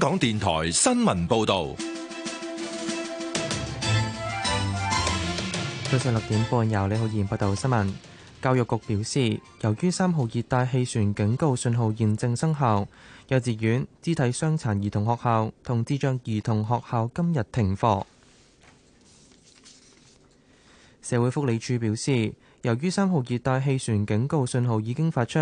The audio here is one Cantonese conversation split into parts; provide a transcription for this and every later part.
香港電台新聞報道，早上六點半由李浩然報道新聞。教育局表示，由於三號熱帶氣旋警告信號現正生效，幼稚園、肢體傷殘兒童學校同智障兒童學校今日停課。社會福利署表示，由於三號熱帶氣旋警告信號已經發出，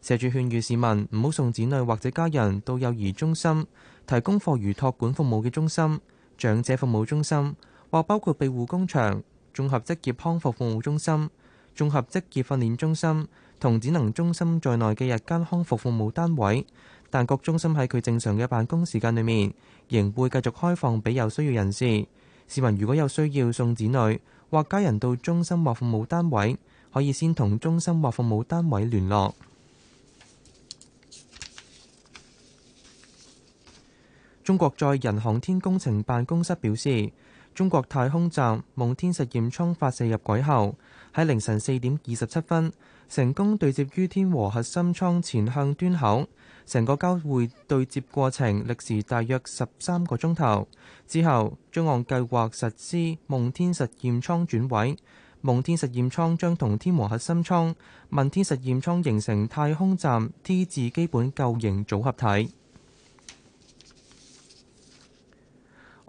社署勸喻市民唔好送子女或者家人到幼兒中心。提供課餘託管服務嘅中心、長者服務中心，或包括庇護工場、綜合職業康復服務中心、綜合職業訓練中心同展能中心在內嘅日間康復服務單位，但各中心喺佢正常嘅辦公時間裏面，仍會繼續開放俾有需要人士。市民如果有需要送子女或家人到中心或服務單位，可以先同中心或服務單位聯絡。中國載人航天工程辦公室表示，中國太空站夢天實驗艙發射入軌後，喺凌晨四點二十七分成功對接於天和核心艙前向端口，成個交匯對接過程歷時大約十三個鐘頭。之後，將按計劃實施夢天實驗艙轉位，夢天實驗艙將同天和核心艙、問天實驗艙形成太空站 T 字基本構型組合體。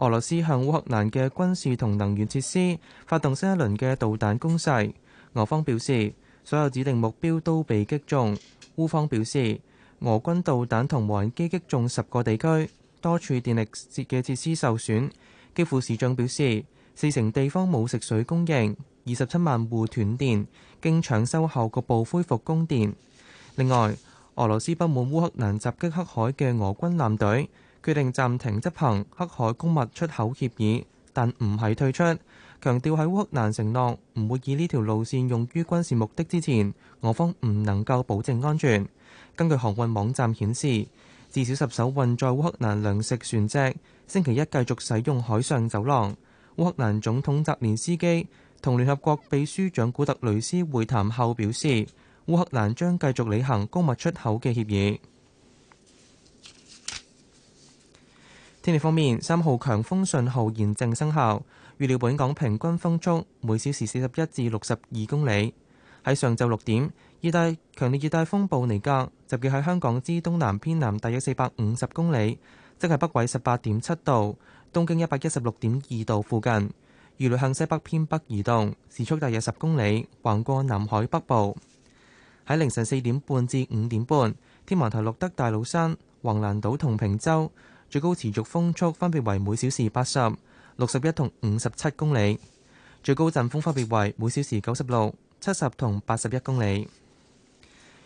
俄羅斯向烏克蘭嘅軍事同能源設施發動新一輪嘅導彈攻勢。俄方表示，所有指定目標都被擊中。烏方表示，俄軍導彈同無人機擊中十個地區，多處電力設嘅設施受損。基輔市長表示，四成地方冇食水供應，二十七萬戶斷電。經搶修後，局部恢復供電。另外，俄羅斯不滿烏克蘭襲擊黑海嘅俄軍艦隊。決定暫停執行黑海穀物出口協議，但唔係退出。強調喺烏克蘭承諾唔會以呢條路線用於軍事目的之前，我方唔能夠保證安全。根據航運網站顯示，至少十艘運載烏克蘭糧食船隻星期一繼續使用海上走廊。烏克蘭總統澤連斯基同聯合國秘書長古特雷斯會談後表示，烏克蘭將繼續履行穀物出口嘅協議。天氣方面，三號強風信號現正生效，預料本港平均風速每小時四十一至六十二公里。喺上晝六點，熱帶強烈熱帶風暴尼格集結喺香港之東南偏南大約四百五十公里，即係北緯十八點七度、東經一百一十六點二度附近，預料向西北偏北移動，時速大約十公里，橫過南海北部。喺凌晨四點半至五點半，天文台錄得大老山、橫欄島同坪洲。最高持續風速分別為每小時八十、六十一同五十七公里，最高陣風分別為每小時九十六、七十同八十一公里。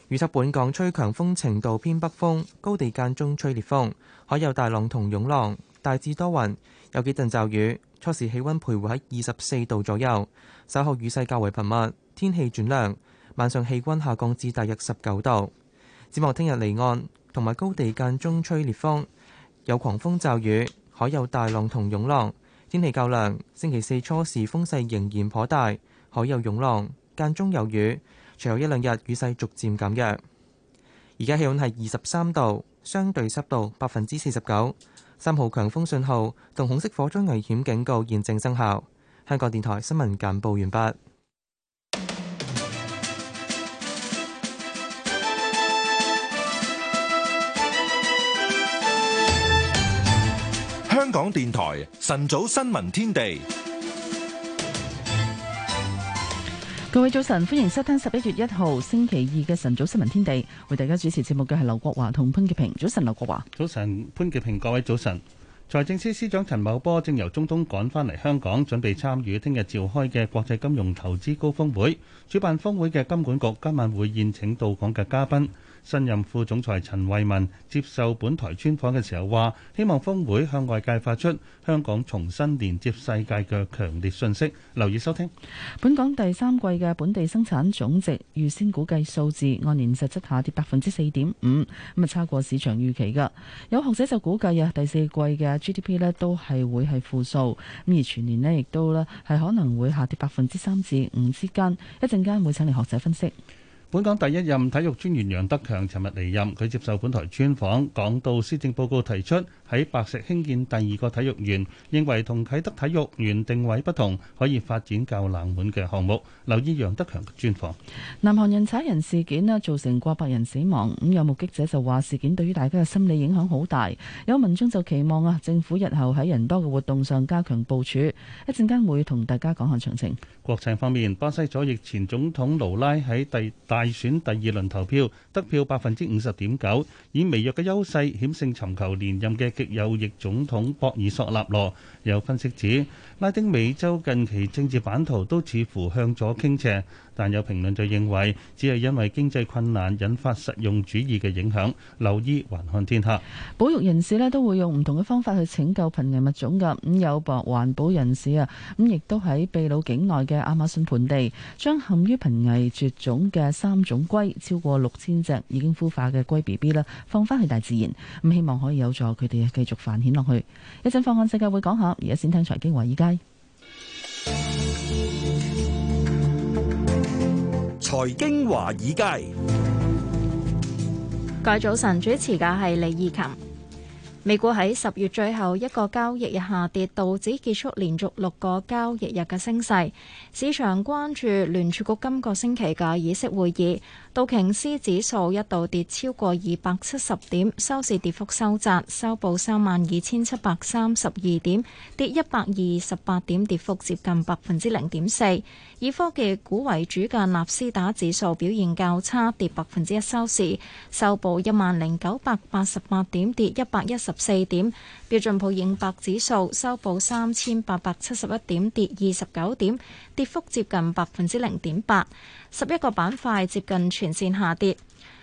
預測本港吹強風程度偏北風，高地間中吹烈風，海有大浪同湧浪，大致多雲，有幾陣驟雨。初時氣温徘徊喺二十四度左右，稍後雨勢較為頻密，天氣轉涼，晚上氣温下降至大約十九度。展望聽日離岸同埋高地間中吹烈風。有狂風驟雨，海有大浪同湧浪，天氣較涼。星期四初時風勢仍然頗大，海有湧浪，間中有雨。隨後一兩日雨勢逐漸減弱。而家氣溫係二十三度，相對濕度百分之四十九，三號強風信號同紅色火災危險警告現正生效。香港電台新聞簡報完畢。港電台晨早新聞天地，各位早晨，歡迎收聽十一月一號星期二嘅晨早新聞天地，為大家主持節目嘅係劉國華同潘潔平。早晨，劉國華，早晨，潘潔平，各位早晨。財政司司長陳茂波正由中東趕返嚟香港，準備參與聽日召開嘅國際金融投資高峰會。主辦峰會嘅金管局今晚會宴請到港嘅嘉賓。新任副總裁陳慧文接受本台專訪嘅時候話，希望峰會向外界發出香港重新連接世界嘅強烈信息。留意收聽。本港第三季嘅本地生產總值預先估計數字按年實質下跌百分之四點五，咁啊差過市場預期噶。有學者就估計啊，第四季嘅 GDP 咧都係會係負數，咁而全年咧亦都咧係可能會下跌百分之三至五之間。一陣間會請嚟學者分析。本港第一任體育專員楊德強尋日離任，佢接受本台專訪，講到施政報告提出喺白石興建第二個體育園，認為同啟德體育園定位不同，可以發展較冷門嘅項目。留意楊德強嘅專訪。南韓人踩人事件呢，造成過百人死亡，咁有目擊者就話事件對於大家嘅心理影響好大，有民眾就期望啊政府日後喺人多嘅活動上加強部署。一陣間會同大家講下詳情。國際方面，巴西左翼前總統盧拉喺第大選第二輪投票得票百分之五十點九，以微弱嘅優勢險勝尋求連任嘅極右翼總統博爾索納羅，有分析指。拉丁美洲近期政治版圖都似乎向左傾斜，但有評論就認為，只係因為經濟困難引發實用主義嘅影響。留意環看天下，保育人士咧都會用唔同嘅方法去拯救瀕危物種㗎。咁有博環保人士啊，咁亦都喺秘魯境內嘅亞馬遜盆地，將陷於瀕危絕種嘅三種龜，超過六千隻已經孵化嘅龜 B B 啦，放翻去大自然，咁希望可以有助佢哋繼續繁衍落去。一陣放眼世界會講下，而家先聽財經話，而家。財經華爾街，各位早晨，主持嘅係李綺琴。美股喺十月最後一個交易日下跌，道指結束連續六個交易日嘅升勢，市場關注聯儲局今個星期嘅議息會議。道瓊斯指數一度跌超過二百七十點，收市跌幅收窄，收報三萬二千七百三十二點，跌一百二十八點，跌幅接近百分之零點四。以科技股為主嘅納斯達指數表現較差，跌百分之一，收市收報一萬零九百八十八點，跌一百一十四點，標準普爾五百指數收報三千八百七十一點，跌二十九點，跌幅接近百分之零點八。十一個板塊接近全線下跌，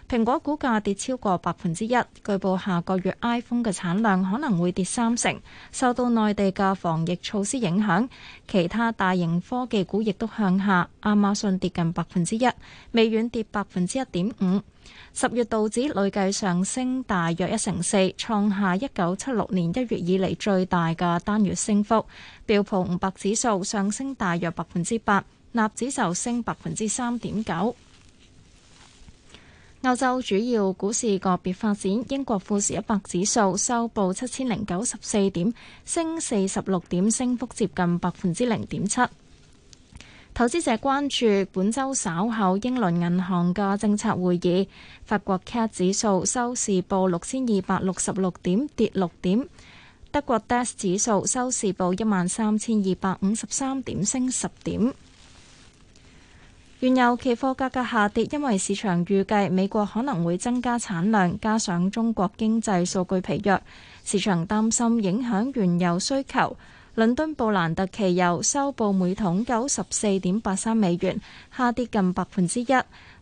蘋果股價跌超過百分之一。據報下個月 iPhone 嘅產量可能會跌三成，受到內地嘅防疫措施影響。其他大型科技股亦都向下，亞馬遜跌近百分之一，微軟跌百分之一點五。十月道指累計上升大約一成四，創下一九七六年一月以嚟最大嘅單月升幅。標普五百指數上升大約百分之八。納指就升百分之三點九。歐洲主要股市個別發展，英國富時一百指數收報七千零九十四點，升四十六點，升幅接近百分之零點七。投資者關注本周稍後英倫銀行嘅政策會議。法國 CAC 指數收市報六千二百六十六點，跌六點。德國 DAX 指數收市報一萬三千二百五十三點，升十點。原油期貨價格下跌，因為市場預計美國可能會增加產量，加上中國經濟數據疲弱，市場擔心影響原油需求。倫敦布蘭特期油收報每桶九十四點八三美元，下跌近百分之一；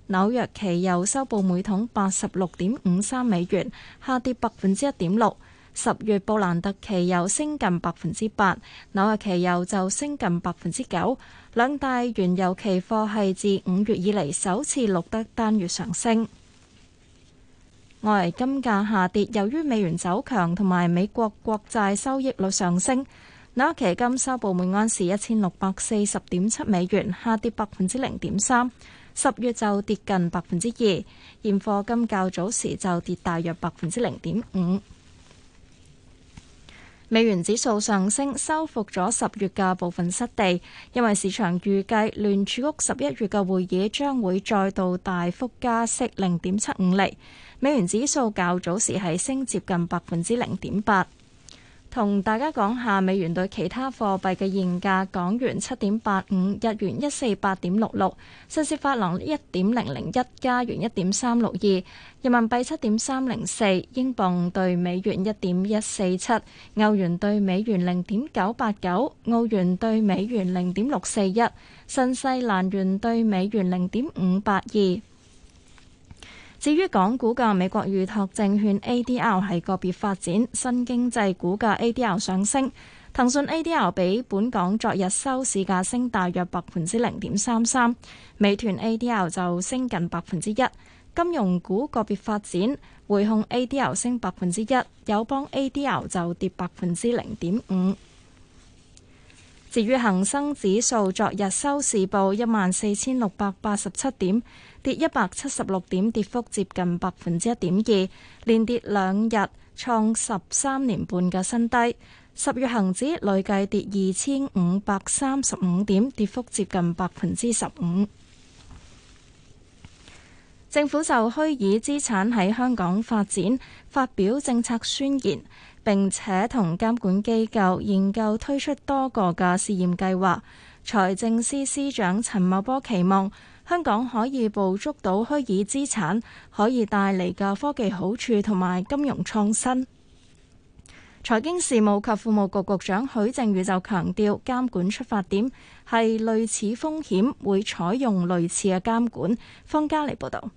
紐約期油收報每桶八十六點五三美元，下跌百分之一點六。十月布蘭特期油升近百分之八，紐約期油就升近百分之九，兩大原油期貨係自五月以嚟首次錄得單月上升。外圍金價下跌，由於美元走強同埋美國國債收益率上升，紐約期金收報每盎士一千六百四十點七美元，下跌百分之零點三。十月就跌近百分之二，現貨金較早時就跌大約百分之零點五。美元指數上升，收復咗十月嘅部分失地，因為市場預計聯儲局十一月嘅會議將會再度大幅加息零點七五厘，美元指數較早時係升接近百分之零點八。同大家講下美元對其他貨幣嘅現價，港元七點八五，日元一四八點六六，瑞士法郎一點零零一，加元一點三六二，人民幣七點三零四，英鎊對美元一點一四七，歐元對美元零點九八九，澳元對美元零點六四一，新西蘭元對美元零點五八二。至於港股嘅美國預託證券 A D L 係個別發展，新經濟股嘅 A D L 上升，騰訊 A D L 比本港昨日收市價升大約百分之零點三三，美團 A D L 就升近百分之一，金融股個別發展，匯控 A D L 升百分之一，友邦 A D L 就跌百分之零點五。至於恒生指數昨日收市報一萬四千六百八十七點，跌一百七十六點，跌幅接近百分之一點二，連跌兩日，創十三年半嘅新低。十月恒指累計跌二千五百三十五點，跌幅接近百分之十五。政府就虛擬資產喺香港發展發表政策宣言。並且同監管機構研究推出多個嘅試驗計劃。財政司司長陳茂波期望香港可以捕捉到虛擬資產可以帶嚟嘅科技好處同埋金融創新。財經事務及庫務局局長許正宇就強調，監管出發點係類似風險會採用類似嘅監管。方嘉莉報道。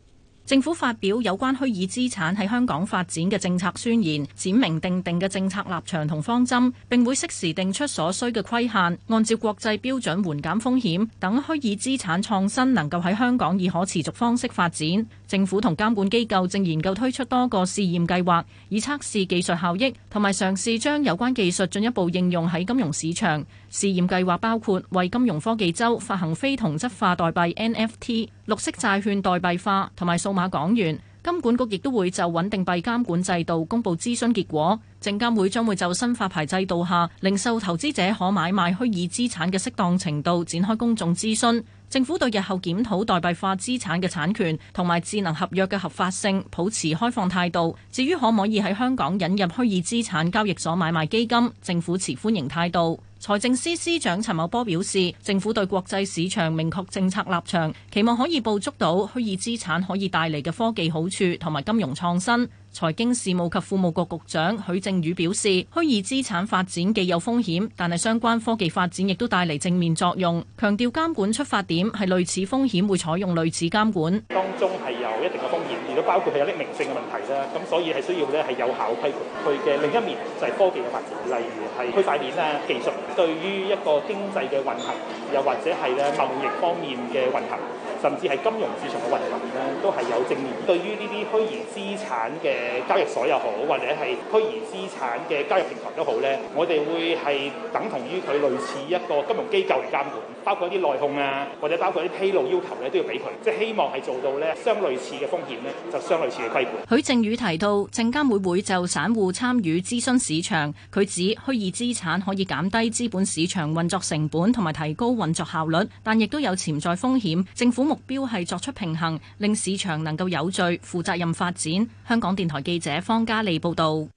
政府發表有關虛擬資產喺香港發展嘅政策宣言，展明定定嘅政策立場同方針，並會適時定出所需嘅規限，按照國際標準緩減風險，等虛擬資產創新能夠喺香港以可持續方式發展。政府同監管機構正研究推出多個試驗計劃，以測試技術效益同埋嘗試將有關技術進一步應用喺金融市場。試驗計劃包括為金融科技週發行非同質化代幣 NFT、綠色債券代幣化同埋送。馬講完，金管局亦都會就穩定幣監管制度公布諮詢結果。證監會將會就新發牌制度下，零售投資者可買賣虛擬資產嘅適當程度展開公眾諮詢。政府對日後檢討代幣化資產嘅產權同埋智能合約嘅合法性，保持開放態度。至於可唔可以喺香港引入虛擬資產交易所買賣基金，政府持歡迎態度。財政司司長陳茂波表示，政府對國際市場明確政策立場，期望可以捕捉到虛擬資產可以帶嚟嘅科技好處同埋金融創新。財經事務及庫務局局長許正宇表示：虛擬資產發展既有風險，但係相關科技發展亦都帶嚟正面作用。強調監管出發點係類似風險會採用類似監管，當中係有一定嘅風險，如果包括係有匿名性嘅問題咧，咁所以係需要咧係有效規管。佢嘅另一面就係科技嘅發展，例如係區塊鏈啊，技術對於一個經濟嘅運行，又或者係咧貿易方面嘅運行，甚至係金融市場嘅運行咧，都係有正面。對於呢啲虛擬資產嘅誒，交易所又好，或者係虛擬資產嘅交易平台都好咧，我哋會係等同於佢類似一個金融機構嚟監管。包括啲內控啊，或者包括啲披露要求咧，都要俾佢。即係希望係做到呢相類似嘅風險呢就相類似嘅規管。許正宇提到，證監會會就散戶參與諮詢市場，佢指虛擬資產可以減低資本市場運作成本，同埋提高運作效率，但亦都有潛在風險。政府目標係作出平衡，令市場能夠有序、負責任發展。香港電台記者方嘉莉報導。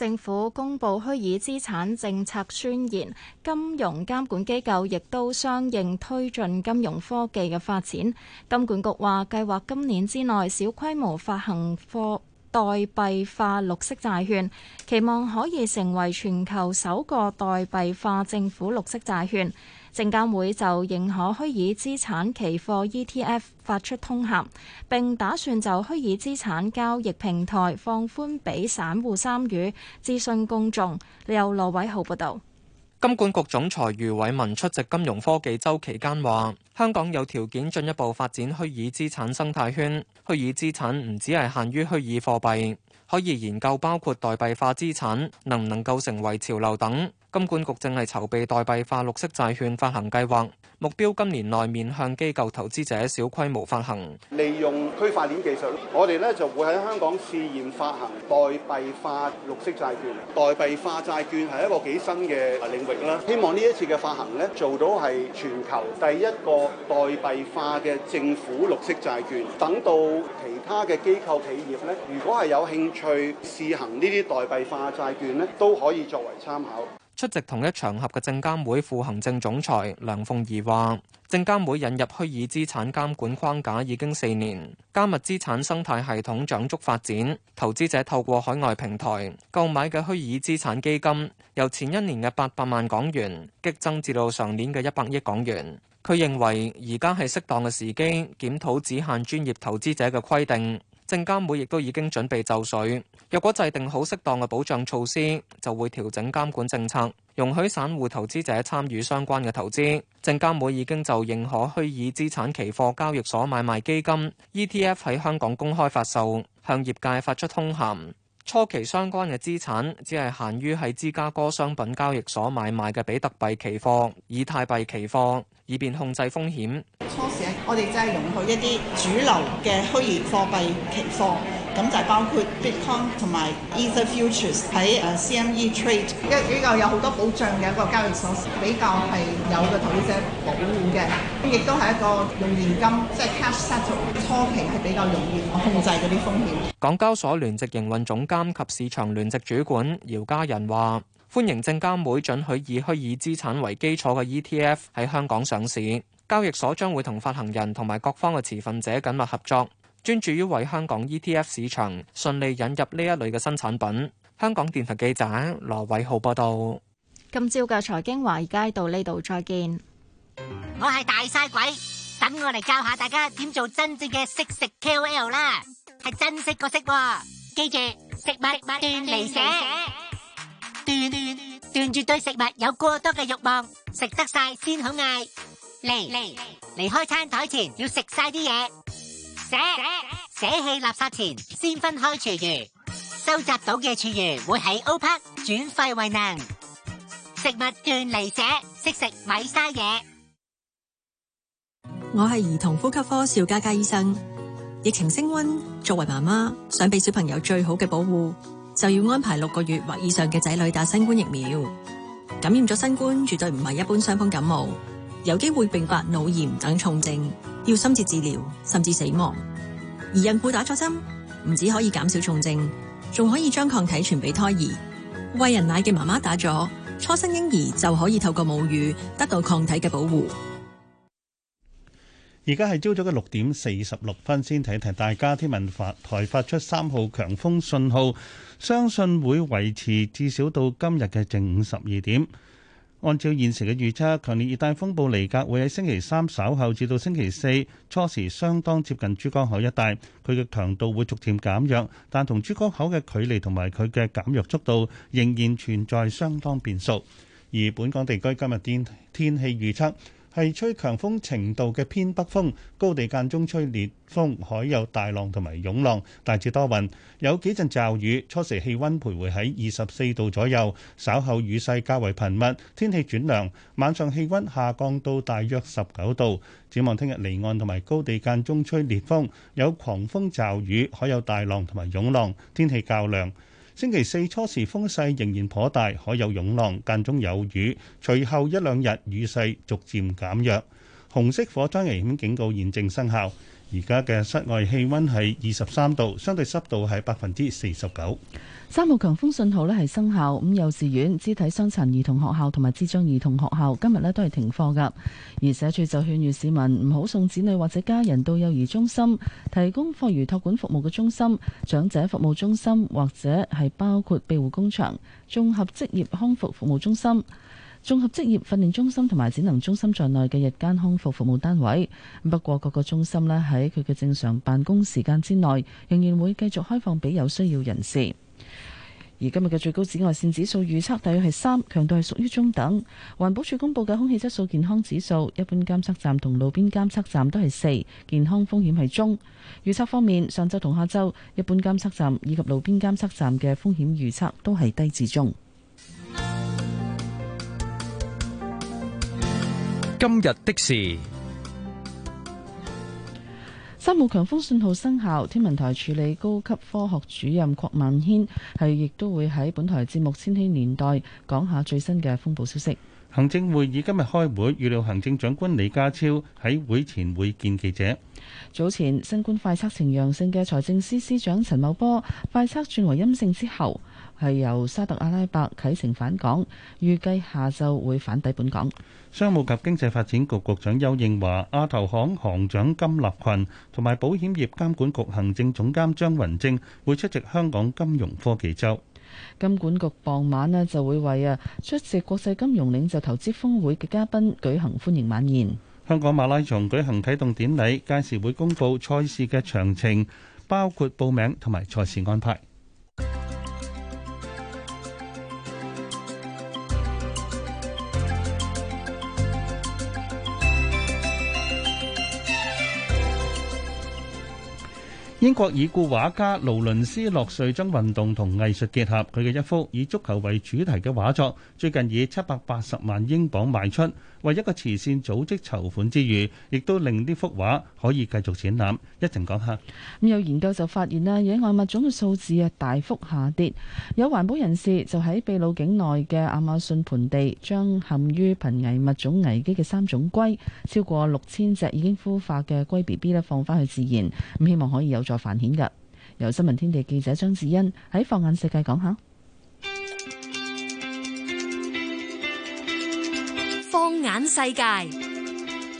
政府公布虛擬資產政策宣言，金融監管機構亦都相應推進金融科技嘅發展。金管局話，計劃今年之內小規模發行貨代幣化綠色債券，期望可以成為全球首個代幣化政府綠色債券。證監會就認可虛擬資產期貨 ETF 發出通函，並打算就虛擬資產交易平台放寬俾散戶參與，諮詢公眾。由羅偉浩報導。金管局總裁余偉文出席金融科技週期間話：香港有條件進一步發展虛擬資產生態圈。虛擬資產唔只係限於虛擬貨幣，可以研究包括代幣化資產能唔能夠成為潮流等。金管局正係籌備代幣化綠色債券發行計劃，目標今年內面向機構投資者小規模發行。利用區塊鏈技術，我哋咧就會喺香港試驗發行代幣化綠色債券。代幣化債券係一個幾新嘅領域啦。希望呢一次嘅發行呢做到係全球第一個代幣化嘅政府綠色債券。等到其他嘅機構企業呢，如果係有興趣試行呢啲代幣化債券呢，都可以作為參考。出席同一場合嘅證監會副行政總裁梁鳳儀話，證監會引入虛擬資產監管框架已經四年，加密資產生態系統長足發展，投資者透過海外平台購買嘅虛擬資產基金，由前一年嘅八百萬港元激增至到上年嘅一百億港元。佢認為而家係適當嘅時機檢討只限專業投資者嘅規定。證監會亦都已經準備就緒，若果制定好適當嘅保障措施，就會調整監管政策，容許散戶投資者參與相關嘅投資。證監會已經就認可虛擬資產期貨交易所買賣基金、ETF 喺香港公開發售，向業界發出通函。初期相關嘅資產只係限於喺芝加哥商品交易所買賣嘅比特幣期貨、以太幣期貨，以便控制風險。初我哋真係容許一啲主流嘅虛擬貨幣期貨，咁就係包括 Bitcoin 同埋 Ether Futures 喺誒 CME Trade，一呢個有好多保障嘅一個交易所，比較係有個投資者保護嘅，亦都係一個用現金即係、就是、cash settle 初期係比較容易控制嗰啲風險。港交所聯席營運總監及市場聯席主管姚嘉仁話：歡迎證監會准許以虛擬資產為基礎嘅 ETF 喺香港上市。交易所將會同發行人同埋各方嘅持份者緊密合作，專注於為香港 ETF 市場順利引入呢一類嘅新產品。香港電台記者羅偉浩報道。今朝嘅財經華爾街到呢度再見。我係大晒鬼，等我嚟教下大家點做真正嘅識食 KOL 啦，係真識個識，記住食物食物斷捨離，斷絕對食物有過多嘅慾望，食得晒先好嗌。嚟嚟離開餐台前要食晒啲嘢，捨捨棄垃圾前先分開廚餘，收集到嘅廚餘會喺 O·PARK 轉廢為能。食物斷離者識食咪嘥嘢。我係兒童呼吸科邵嘉嘉醫生。疫情升溫，作為媽媽想俾小朋友最好嘅保護，就要安排六個月或以上嘅仔女打新冠疫苗。感染咗新冠絕對唔係一般傷風感冒。有機會併發腦炎等重症，要深切治療，甚至死亡。而孕婦打咗針，唔止可以減少重症，仲可以將抗體傳俾胎兒。餵人奶嘅媽媽打咗，初生嬰兒就可以透過母乳得到抗體嘅保護。而家係朝早嘅六點四十六分，先睇一睇大家天文台發出三號強風信號，相信會維持至少到今日嘅正午十二點。按照現時嘅預測，強烈熱帶風暴尼格會喺星期三稍後至到星期四初時相當接近珠江口一帶，佢嘅強度會逐漸減弱，但同珠江口嘅距離同埋佢嘅減弱速度仍然存在相當變數。而本港地區今日天，天氣預測。係吹強風程度嘅偏北風，高地間中吹烈風，海有大浪同埋湧浪，大致多雲，有幾陣驟雨。初時氣溫徘徊喺二十四度左右，稍後雨勢較為頻密，天氣轉涼。晚上氣溫下降到大約十九度。展望聽日離岸同埋高地間中吹烈風，有狂風驟雨，海有大浪同埋湧浪，天氣較涼。星期四初時風勢仍然頗大，海有湧浪，間中有雨。隨後一兩日雨勢逐漸減弱，紅色火災危險警告現正生效。而家嘅室外氣温係二十三度，相對濕度係百分之四十九。三號強風信號咧係生效，咁幼稚園、肢體傷殘兒童學校同埋智障兒童學校今日咧都係停課㗎。而社署就勸喻市民唔好送子女或者家人到幼兒中心、提供課餘託管服務嘅中心、長者服務中心或者係包括庇護工場、綜合職業康復服,服務中心。綜合職業訓練中心同埋展能中心在內嘅日間康復服，服務單位，不過各個中心呢喺佢嘅正常辦公時間之內，仍然會繼續開放俾有需要人士。而今日嘅最高紫外線指數預測大約係三，強度係屬於中等。環保署公布嘅空氣質素健康指數，一般監測站同路邊監測站都係四，健康風險係中。預測方面，上周同下周，一般監測站以及路邊監測站嘅風險預測都係低至中。今日的事，三號強風信號生效。天文台助理高級科學主任郭敏軒係亦都會喺本台節目《千禧年代》講下最新嘅風暴消息。行政會議今日開會，預料行政長官李家超喺會前會見記者。早前新冠快測呈陽性嘅財政司司長陳茂波，快測轉為陰性之後，係由沙特阿拉伯啟程返港，預計下晝會返抵本港。商務及經濟發展局局長邱應華、亞投行行長金立群同埋保險業監管局行政總監張雲正會出席香港金融科技週。金管局傍晚呢就會為啊出席國際金融領袖投資峰會嘅嘉賓舉行歡迎晚宴。香港馬拉松舉行啟動典禮，屆時會公布賽事嘅詳情，包括報名同埋賽事安排。英國已故畫家勞倫斯洛瑞將運動同藝術結合，佢嘅一幅以足球為主題嘅畫作，最近以七百八十萬英鎊賣出，為一個慈善組織籌款之餘，亦都令呢幅畫可以繼續展覽。一陣講下，咁有研究就發現咧，野外物種嘅數字啊大幅下跌。有環保人士就喺秘魯境內嘅亞馬遜盆地，將陷於瀕危物種危機嘅三種龜，超過六千隻已經孵化嘅龜 B B 咧放翻去自然，咁希望可以有。在繁衍嘅，由新聞天地記者張子欣喺放眼世界講下，放眼世界。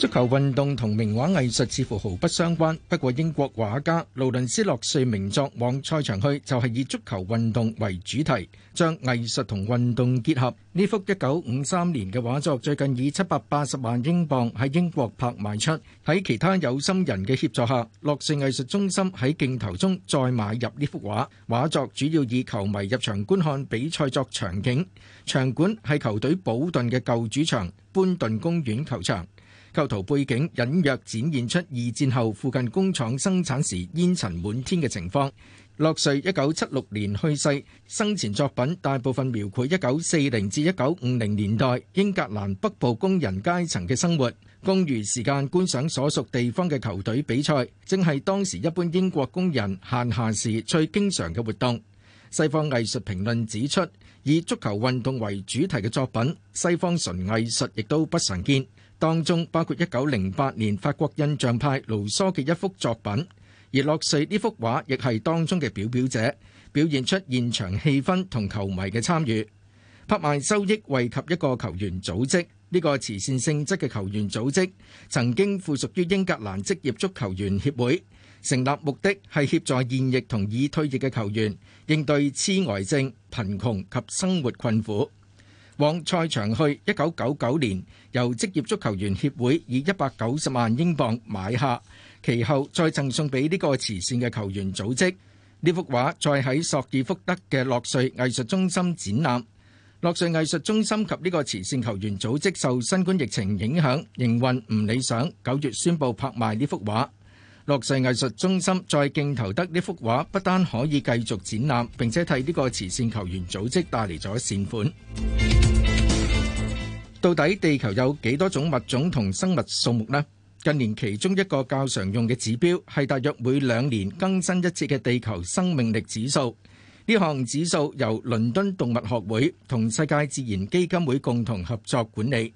足球運動同名畫藝術似乎毫不相關。不過，英國畫家勞倫斯·洛瑞名作《往賽場去》就係、是、以足球運動為主題，將藝術同運動結合。呢幅一九五三年嘅畫作最近以七百八十萬英鎊喺英國拍賣出。喺其他有心人嘅協助下，洛瑞藝術中心喺競投中再買入呢幅畫。畫作主要以球迷入場觀看比賽作場景，場館係球隊保頓嘅舊主場——班頓公園球場。構圖背景隱約展現出二戰後附近工廠生產時煙塵滿天嘅情況。洛瑞一九七六年去世，生前作品大部分描繪一九四零至一九五零年代英格蘭北部工人階層嘅生活。公餘時間觀賞所屬地方嘅球隊比賽，正係當時一般英國工人閒暇時最經常嘅活動。西方藝術評論指出，以足球運動為主題嘅作品，西方純藝術亦都不常見。當中包括一九零八年法國印象派盧梭嘅一幅作品，而洛瑞呢幅畫亦係當中嘅表表者，表現出現場氣氛同球迷嘅參與。拍賣收益惠及一個球員組織，呢個慈善性質嘅球員組織曾經附屬於英格蘭職業足球員協會，成立目的係協助現役同已退役嘅球員應對痴呆症、貧窮及生活困苦。往賽場去。一九九九年，由職業足球員協會以一百九十萬英鎊買下，其後再贈送俾呢個慈善嘅球員組織。呢幅畫再喺索爾福德嘅洛瑞藝術中心展覽。洛瑞藝術中心及呢個慈善球員組織受新冠疫情影響營運唔理想，九月宣布拍賣呢幅畫。洛瑞藝術中心再競投得呢幅畫，不單可以繼續展覽，並且替呢個慈善球員組織帶嚟咗善款。到底地球有幾多種物種同生物數目呢？近年其中一個較常用嘅指標係大約每兩年更新一次嘅地球生命力指數。呢項指數由倫敦動物學會同世界自然基金會共同合作管理。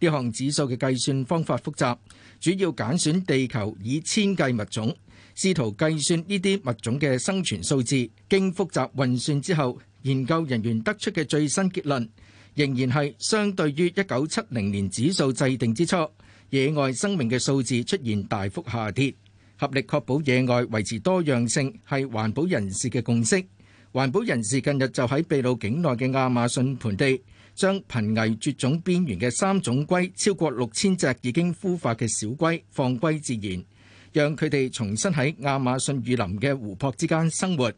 呢項指數嘅計算方法複雜，主要揀選地球以千計物種，試圖計算呢啲物種嘅生存數字。經複雜運算之後，研究人員得出嘅最新結論。仍然係相對於一九七零年指數制定之初，野外生命嘅數字出現大幅下跌。合力確保野外維持多樣性係環保人士嘅共識。環保人士近日就喺秘魯境內嘅亞馬遜盆地，將瀕危絕種邊緣嘅三種龜，超過六千隻已經孵化嘅小龜放歸自然，讓佢哋重新喺亞馬遜雨林嘅湖泊之間生活。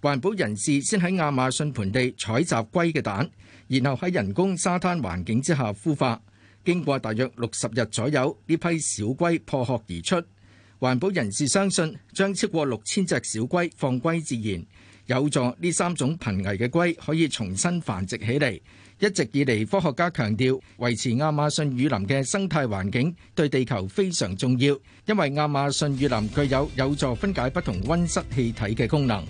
環保人士先喺亞馬遜盆地採集龜嘅蛋。然後喺人工沙灘環境之下孵化，經過大約六十日左右，呢批小龜破殼而出。環保人士相信，將超過六千隻小龜放歸自然，有助呢三種瀕危嘅龜可以重新繁殖起嚟。一直以嚟，科學家強調維持亞馬遜雨林嘅生態環境對地球非常重要，因為亞馬遜雨林具有有助分解不同温室氣體嘅功能。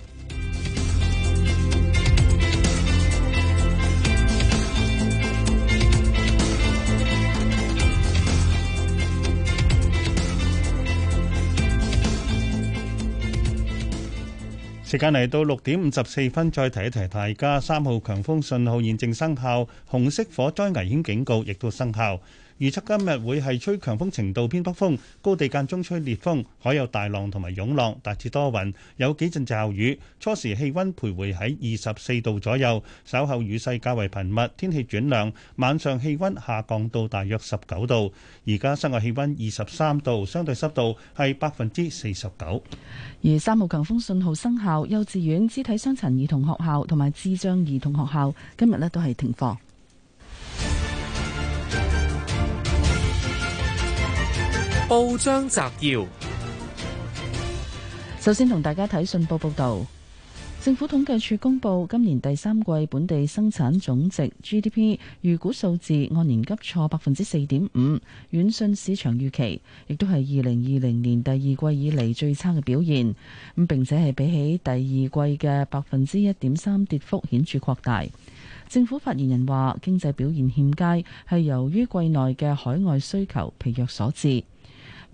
時間嚟到六點五十四分，再提一提大家，三號強風信號現正生效，紅色火災危險警告亦都生效。預測今日會係吹強風程度偏北風，高地間中吹烈風，海有大浪同埋湧浪，大致多雲，有幾陣驟雨。初時氣溫徘徊喺二十四度左右，稍後雨勢較為頻密，天氣轉涼，晚上氣溫下降到大約十九度。而家室外氣溫二十三度，相對濕度係百分之四十九。而三號強風信號生效，幼稚園、肢體傷殘兒童學校同埋智障兒童學校今日呢都係停課。報章摘要：首先同大家睇信報報道，政府統計處公布今年第三季本地生產總值 GDP 預估數字按年急挫百分之四點五，遠遜市場預期，亦都係二零二零年第二季以嚟最差嘅表現。咁並且係比起第二季嘅百分之一點三跌幅顯著擴大。政府發言人話，經濟表現欠佳係由於季內嘅海外需求疲弱所致。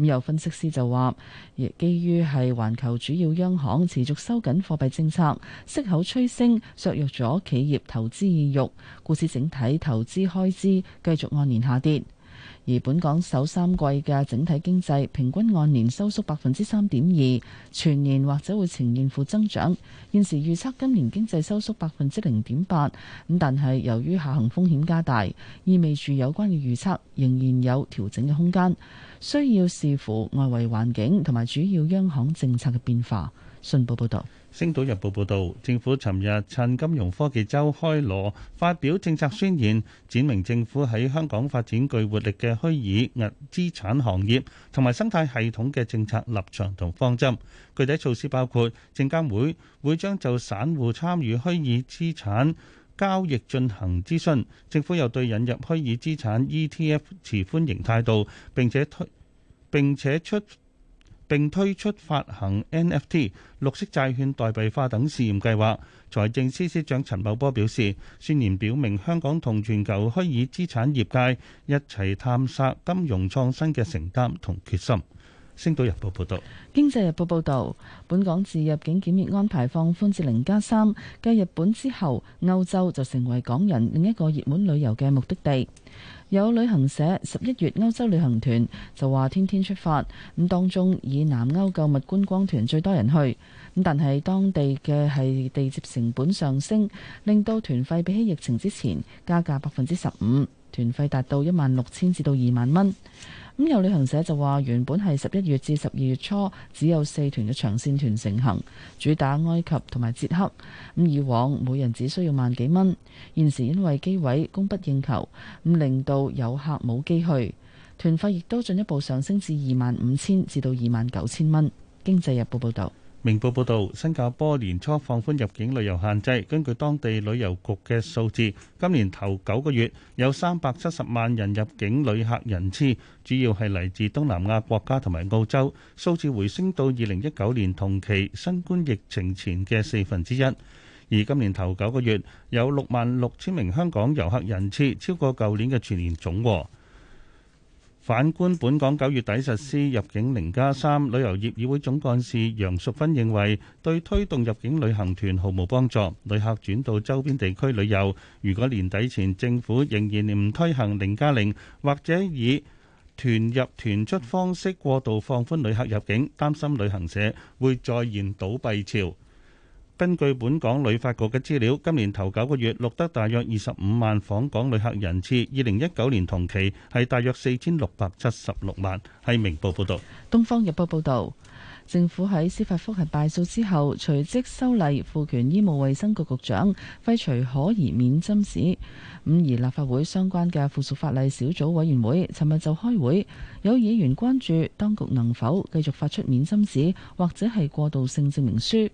咁有分析師就話，而基於係環球主要央行持續收緊貨幣政策，息口趨升，削弱咗企業投資意欲，故此整體投資開支繼續按年下跌。而本港首三季嘅整體經濟平均按年收縮百分之三點二，全年或者會呈現負增長。現時預測今年經濟收縮百分之零點八，咁但係由於下行風險加大，意味住有關嘅預測仍然有調整嘅空間，需要視乎外圍環境同埋主要央行政策嘅變化。信報報道。星島日報報導，政府尋日趁金融科技周開鑼發表政策宣言，展明政府喺香港發展具活力嘅虛擬資產行業同埋生態系統嘅政策立場同方針。具體措施包括證監會會將就散戶參與虛擬資產交易進行諮詢，政府又對引入虛擬資產 ETF 持歡迎態度，並且推並且出。並推出發行 NFT、綠色債券代幣化等試驗計劃。財政司司長陳茂波表示，宣言表明香港同全球虛擬資產業界一齊探索金融創新嘅承擔同決心。星島日報報道：經濟日報報道，本港自入境檢疫安排放寬至零加三，3，繼日本之後，歐洲就成為港人另一個熱門旅遊嘅目的地。有旅行社十一月歐洲旅行團就話天天出發，咁當中以南歐購物觀光團最多人去，咁但係當地嘅係地接成本上升，令到團費比起疫情之前加價百分之十五，團費達到一萬六千至到二萬蚊。20, 咁、嗯、有旅行社就話，原本係十一月至十二月初只有四團嘅長線團成行，主打埃及同埋捷克。咁、嗯、以往每人只需要萬幾蚊，現時因為機位供不應求，咁、嗯、令到有客冇機去，團費亦都進一步上升至二萬五千至到二萬九千蚊。經濟日報報道。明報報道，新加坡年初放寬入境旅遊限制。根據當地旅遊局嘅數字，今年頭九個月有三百七十萬人入境旅客人次，主要係嚟自東南亞國家同埋澳洲。數字回升到二零一九年同期新冠疫情前嘅四分之一。而今年頭九個月有六萬六千名香港遊客人次，超過舊年嘅全年總和。反觀本港九月底實施入境零加三，旅遊業議會總幹事楊淑芬認為，對推動入境旅行團毫無幫助，旅客轉到周邊地區旅遊。如果年底前政府仍然唔推行零加零，或者以團入團出方式過度放寬旅客入境，擔心旅行社會再現倒閉潮。根據本港旅發局嘅資料，今年頭九個月錄得大約二十五萬訪港旅客人次，二零一九年同期係大約四千六百七十六萬。係明報報道，東方日報報導，政府喺司法覆核敗訴之後，隨即修例，賦權醫務衛生局局長廢除可疑免針紙。五、而立法會相關嘅附屬法例小組委員會尋日就開會，有議員關注當局能否繼續發出免針紙，或者係過渡性證明書。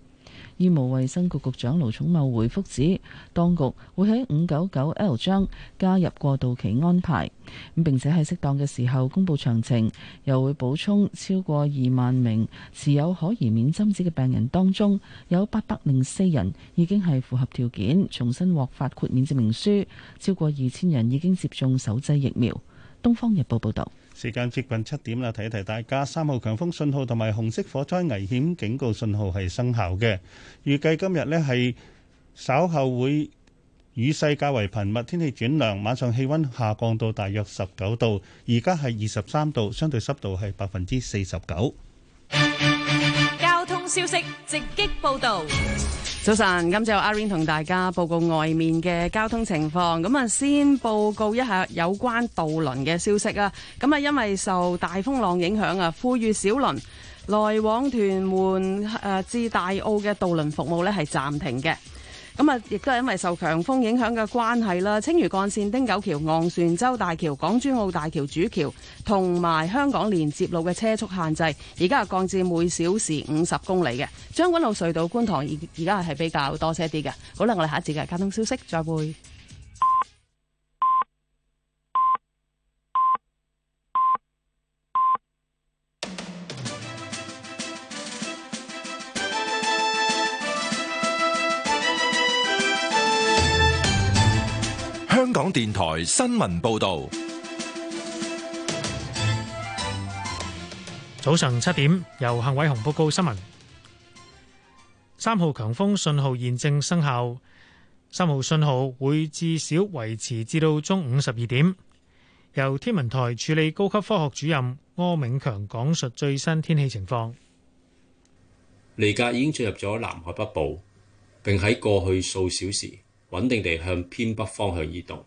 醫務衛生局局長盧寵茂回覆指，當局會喺五九九 L 章，加入過渡期安排，並且喺適當嘅時候公布詳情，又會補充超過二萬名持有可疑免針紙嘅病人當中，有八百零四人已經係符合條件，重新獲發豁免證明書，超過二千人已經接種首劑疫苗。東方日報報道。時間接近七點啦，提一提大家，三號強風信號同埋紅色火災危險警告信號係生效嘅。預計今日呢係稍後會雨勢較為頻密，天氣轉涼，晚上氣温下降到大約十九度，而家係二十三度，相對濕度係百分之四十九。交通消息直擊報導。早晨，今朝阿 Ring 同大家報告外面嘅交通情況。咁啊，先報告一下有關渡輪嘅消息啊。咁啊，因為受大風浪影響啊，富裕小輪來往屯門誒、呃、至大澳嘅渡輪服務咧係暫停嘅。咁啊，亦都係因為受強風影響嘅關係啦，青嶼幹線、汀九橋、昂船洲大橋、港珠澳大橋主橋同埋香港連接路嘅車速限制，而家係降至每小時五十公里嘅。將軍澳隧道觀塘而而家係比較多車啲嘅。好啦，我哋下一節嘅交通消息再會。香港電台新聞報道，早上七點由幸偉雄報告新聞。三號強風信號現正生效，三號信號會至少維持至到中午十二點。由天文台處理高級科學主任柯銘強講述最新天氣情況。尼格已經進入咗南海北部，並喺過去數小時，穩定地向偏北方向移動，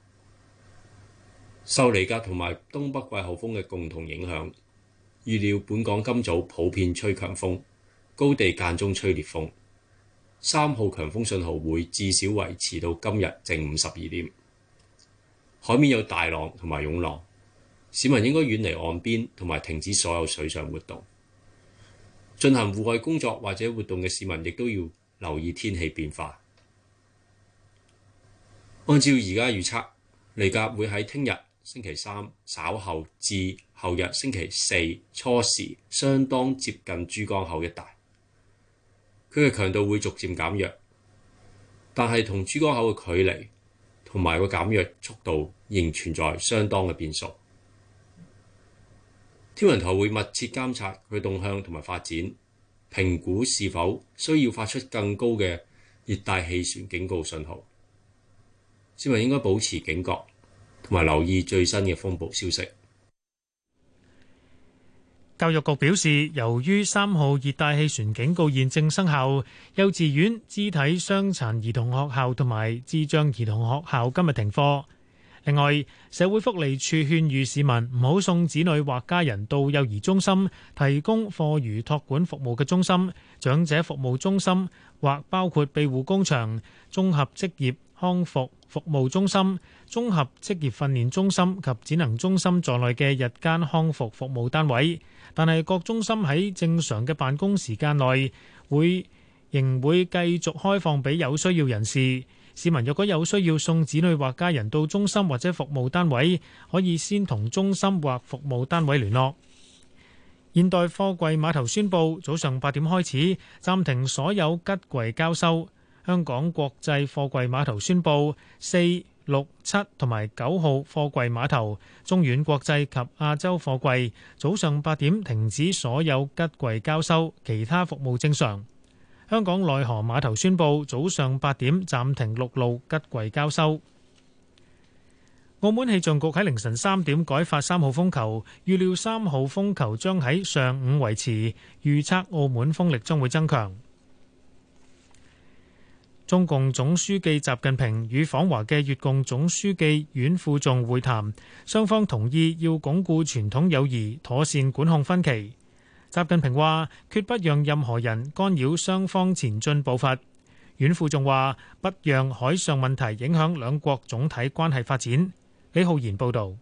受尼格同埋東北季候風嘅共同影響，預料本港今早普遍吹強風，高地間中吹烈風。三號強風信號會至少維持到今日正午十二點。海面有大浪同埋湧浪，市民應該遠離岸邊同埋停止所有水上活動。進行戶外工作或者活動嘅市民亦都要留意天氣變化。按照而家預測，尼格會喺聽日星期三稍後至後日星期四初時，相當接近珠江口一帶，佢嘅強度會逐漸減弱，但係同珠江口嘅距離同埋個減弱速度仍存在相當嘅變數。天文台會密切監察佢動向同埋發展，評估是否需要發出更高嘅熱帶氣旋警告信號。市民應該保持警覺，同埋留意最新嘅風暴消息。教育局表示，由於三號熱帶氣旋警告現正生效，幼稚園、肢體傷殘兒童學校同埋智障兒童學校今日停課。另外，社會福利處勸喻市民唔好送子女或家人到幼兒中心、提供課餘託管服務嘅中心、長者服務中心或包括庇護工場、綜合職業。康復服務中心、綜合職業訓練中心及展能中心在內嘅日間康復服務單位，但係各中心喺正常嘅辦公時間內，會仍會繼續開放俾有需要人士。市民若果有需要送子女或家人到中心或者服務單位，可以先同中心或服務單位聯絡。現代貨櫃碼頭宣佈，早上八點開始暫停所有吉櫃交收。香港國際貨櫃碼頭宣布，四、六、七同埋九號貨櫃碼頭、中遠國際及亞洲貨櫃早上八點停止所有吉櫃交收，其他服務正常。香港內河碼頭宣布，早上八點暫停陸路吉櫃交收。澳門氣象局喺凌晨三點改發三號風球，預料三號風球將喺上午維持，預測澳門風力將會增強。中共總書記習近平與訪華嘅越共總書記阮富仲會談，雙方同意要鞏固傳統友誼，妥善管控分歧。習近平話，決不讓任何人干擾雙方前進步伐。阮富仲話，不讓海上問題影響兩國總體關係發展。李浩然報導。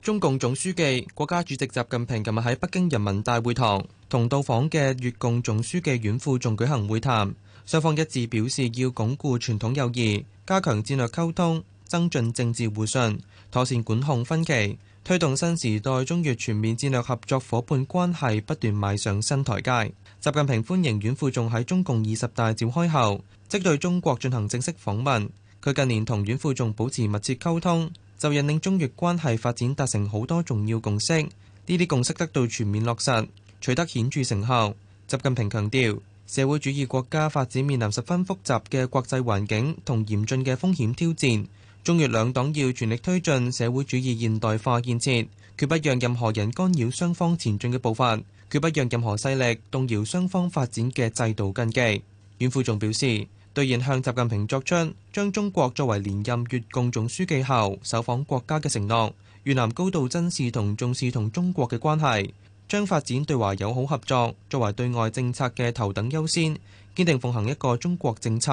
中共總書記、國家主席習近平琴日喺北京人民大會堂同到訪嘅越共總書記阮富仲舉行會談。雙方一致表示要鞏固傳統友誼，加強戰略溝通，增進政治互信，妥善管控分歧，推動新時代中越全面戰略合作夥伴關係不斷邁上新台階。習近平歡迎阮富仲喺中共二十大召開後，即對中國進行正式訪問，佢近年同阮富仲保持密切溝通，就引領中越關係發展達成好多重要共識，呢啲共識得到全面落實，取得顯著成效。習近平強調。社會主義國家發展面臨十分複雜嘅國際環境同嚴峻嘅風險挑戰，中越兩黨要全力推進社會主義現代化建設，決不讓任何人干擾雙方前進嘅步伐，決不讓任何勢力動搖雙方發展嘅制度根基。阮富仲表示，對現向習近平作出將中國作為連任越共總書記後首訪國家嘅承諾，越南高度珍視同重視同中國嘅關係，將發展對華友好合作作為對外政策嘅頭等優先，堅定奉行一個中國政策，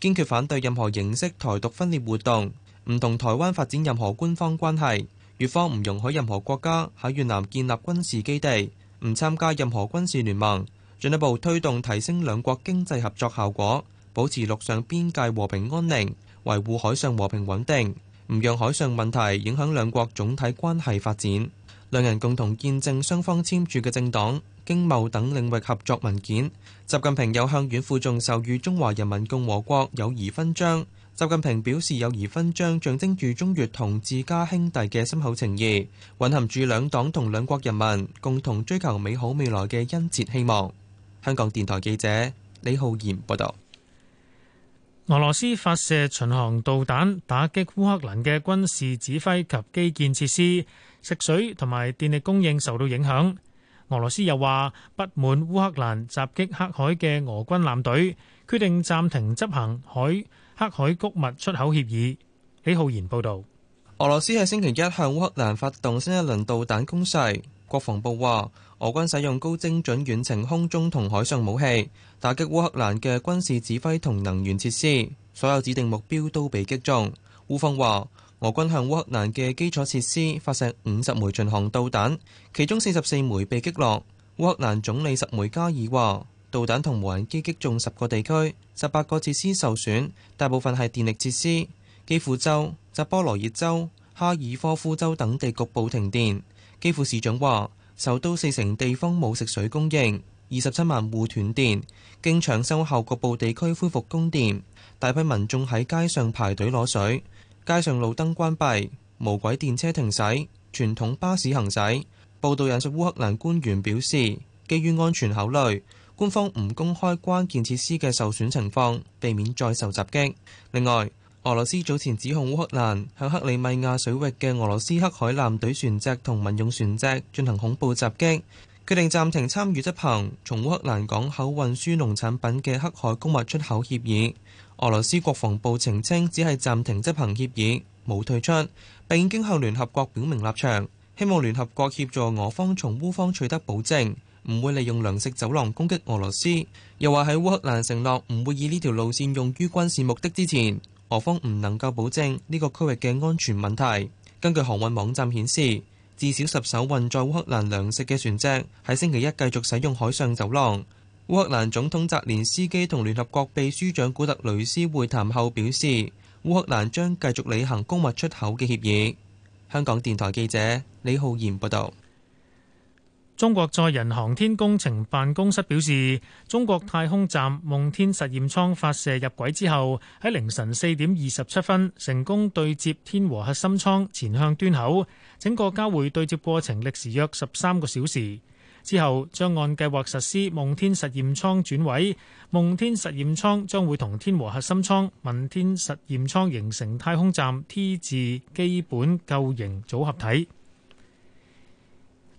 堅決反對任何形式台獨分裂活動，唔同台灣發展任何官方關係。越方唔容許任何國家喺越南建立軍事基地，唔參加任何軍事聯盟，進一步推動提升兩國經濟合作效果，保持陸上邊界和平安寧，維護海上和平穩定，唔讓海上問題影響兩國總體關係發展。兩人共同見證雙方簽署嘅政黨、經貿等領域合作文件。習近平有向阮富仲授予中華人民共和國友誼勳章。習近平表示，友誼勳章象徵住中越同志加兄弟嘅深厚情誼，蘊含住兩黨同兩國人民共同追求美好未來嘅殷切希望。香港電台記者李浩然報道。俄羅斯發射巡航導彈打擊烏克蘭嘅軍事指揮及基建設施。食水同埋電力供應受到影響。俄羅斯又話不滿烏克蘭襲擊黑海嘅俄軍艦隊，決定暫停執行海黑海谷物出口協議。李浩然報導。俄羅斯喺星期一向烏克蘭發動新一輪導彈攻勢。國防部話俄軍使用高精準遠程空中同海上武器，打擊烏克蘭嘅軍事指揮同能源設施，所有指定目標都被擊中。烏方話。俄軍向烏克蘭嘅基礎設施發射五十枚巡航導彈，其中四十四枚被擊落。烏克蘭總理什梅加爾話：導彈同無人機擊中十個地區，十八個設施受損，大部分係電力設施。基輔州、扎波羅熱州、哈爾科夫州等地局部停電。基輔市長話：首都四成地方冇食水供應，二十七萬戶斷電。經搶修後，局部地區恢復供電，大批民眾喺街上排隊攞水。街上路燈關閉，無軌電車停駛，傳統巴士行駛。報道引述烏克蘭官員表示，基於安全考慮，官方唔公開關鍵設施嘅受損情況，避免再受襲擊。另外，俄羅斯早前指控烏克蘭向克里米亞水域嘅俄羅斯黑海艦隊船隻同民用船隻進行恐怖襲擊，決定暫停參與執行從烏克蘭港口運輸農產品嘅黑海穀物出口協議。俄羅斯國防部澄清，只係暫停執行協議，冇退出。並經向聯合國表明立場，希望聯合國協助俄方從烏方取得保證，唔會利用糧食走廊攻擊俄羅斯。又話喺烏克蘭承諾唔會以呢條路線用於軍事目的之前，俄方唔能夠保證呢個區域嘅安全問題。根據航運網站顯示，至少十艘運載烏克蘭糧食嘅船隻喺星期一繼續使用海上走廊。烏克蘭總統澤連斯基同聯合國秘書長古特雷斯會談後表示，烏克蘭將繼續履行穀物出口嘅協議。香港電台記者李浩然報道。中國載人航天工程辦公室表示，中國太空站夢天實驗艙發射入軌之後，喺凌晨四點二十七分成功對接天和核心艙前向端口，整個交會對接過程歷時約十三個小時。之後將按計劃實施夢天實驗艙轉位，夢天實驗艙將會同天和核心艙、問天實驗艙形成太空站 T 字基本構型組合體。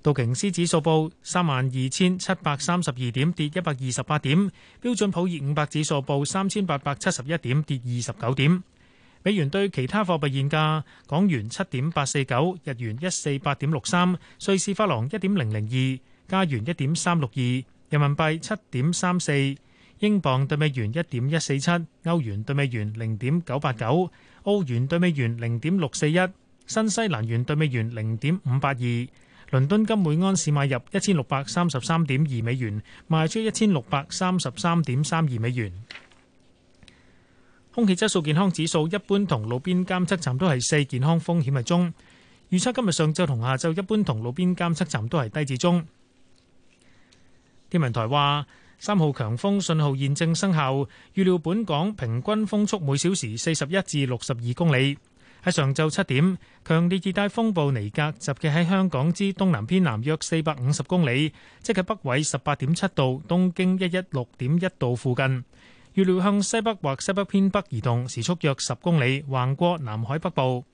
道瓊斯指數報三萬二千七百三十二點，跌一百二十八點；標準普爾五百指數報三千八百七十一點，跌二十九點。美元對其他貨幣現價：港元七點八四九，日元一四八點六三，瑞士法郎一點零零二。加元一點三六二，人民幣七點三四，英鎊兌美元一點一四七，歐元兌美元零點九八九，澳元兌美元零點六四一，新西蘭元兌美元零點五八二，倫敦金每安士買入一千六百三十三點二美元，賣出一千六百三十三點三二美元。空氣質素健康指數一般，同路邊監測站都係四健康風險係中。預測今日上晝同下晝一般，同路邊監測站都係低至中。天文台話：三號強風信號現正生效，預料本港平均風速每小時四十一至六十二公里。喺上晝七點，強烈熱帶風暴尼格集結喺香港之東南偏南約四百五十公里，即係北緯十八點七度、東經一一六點一度附近。預料向西北或西北偏北移動，時速約十公里，橫過南海北部。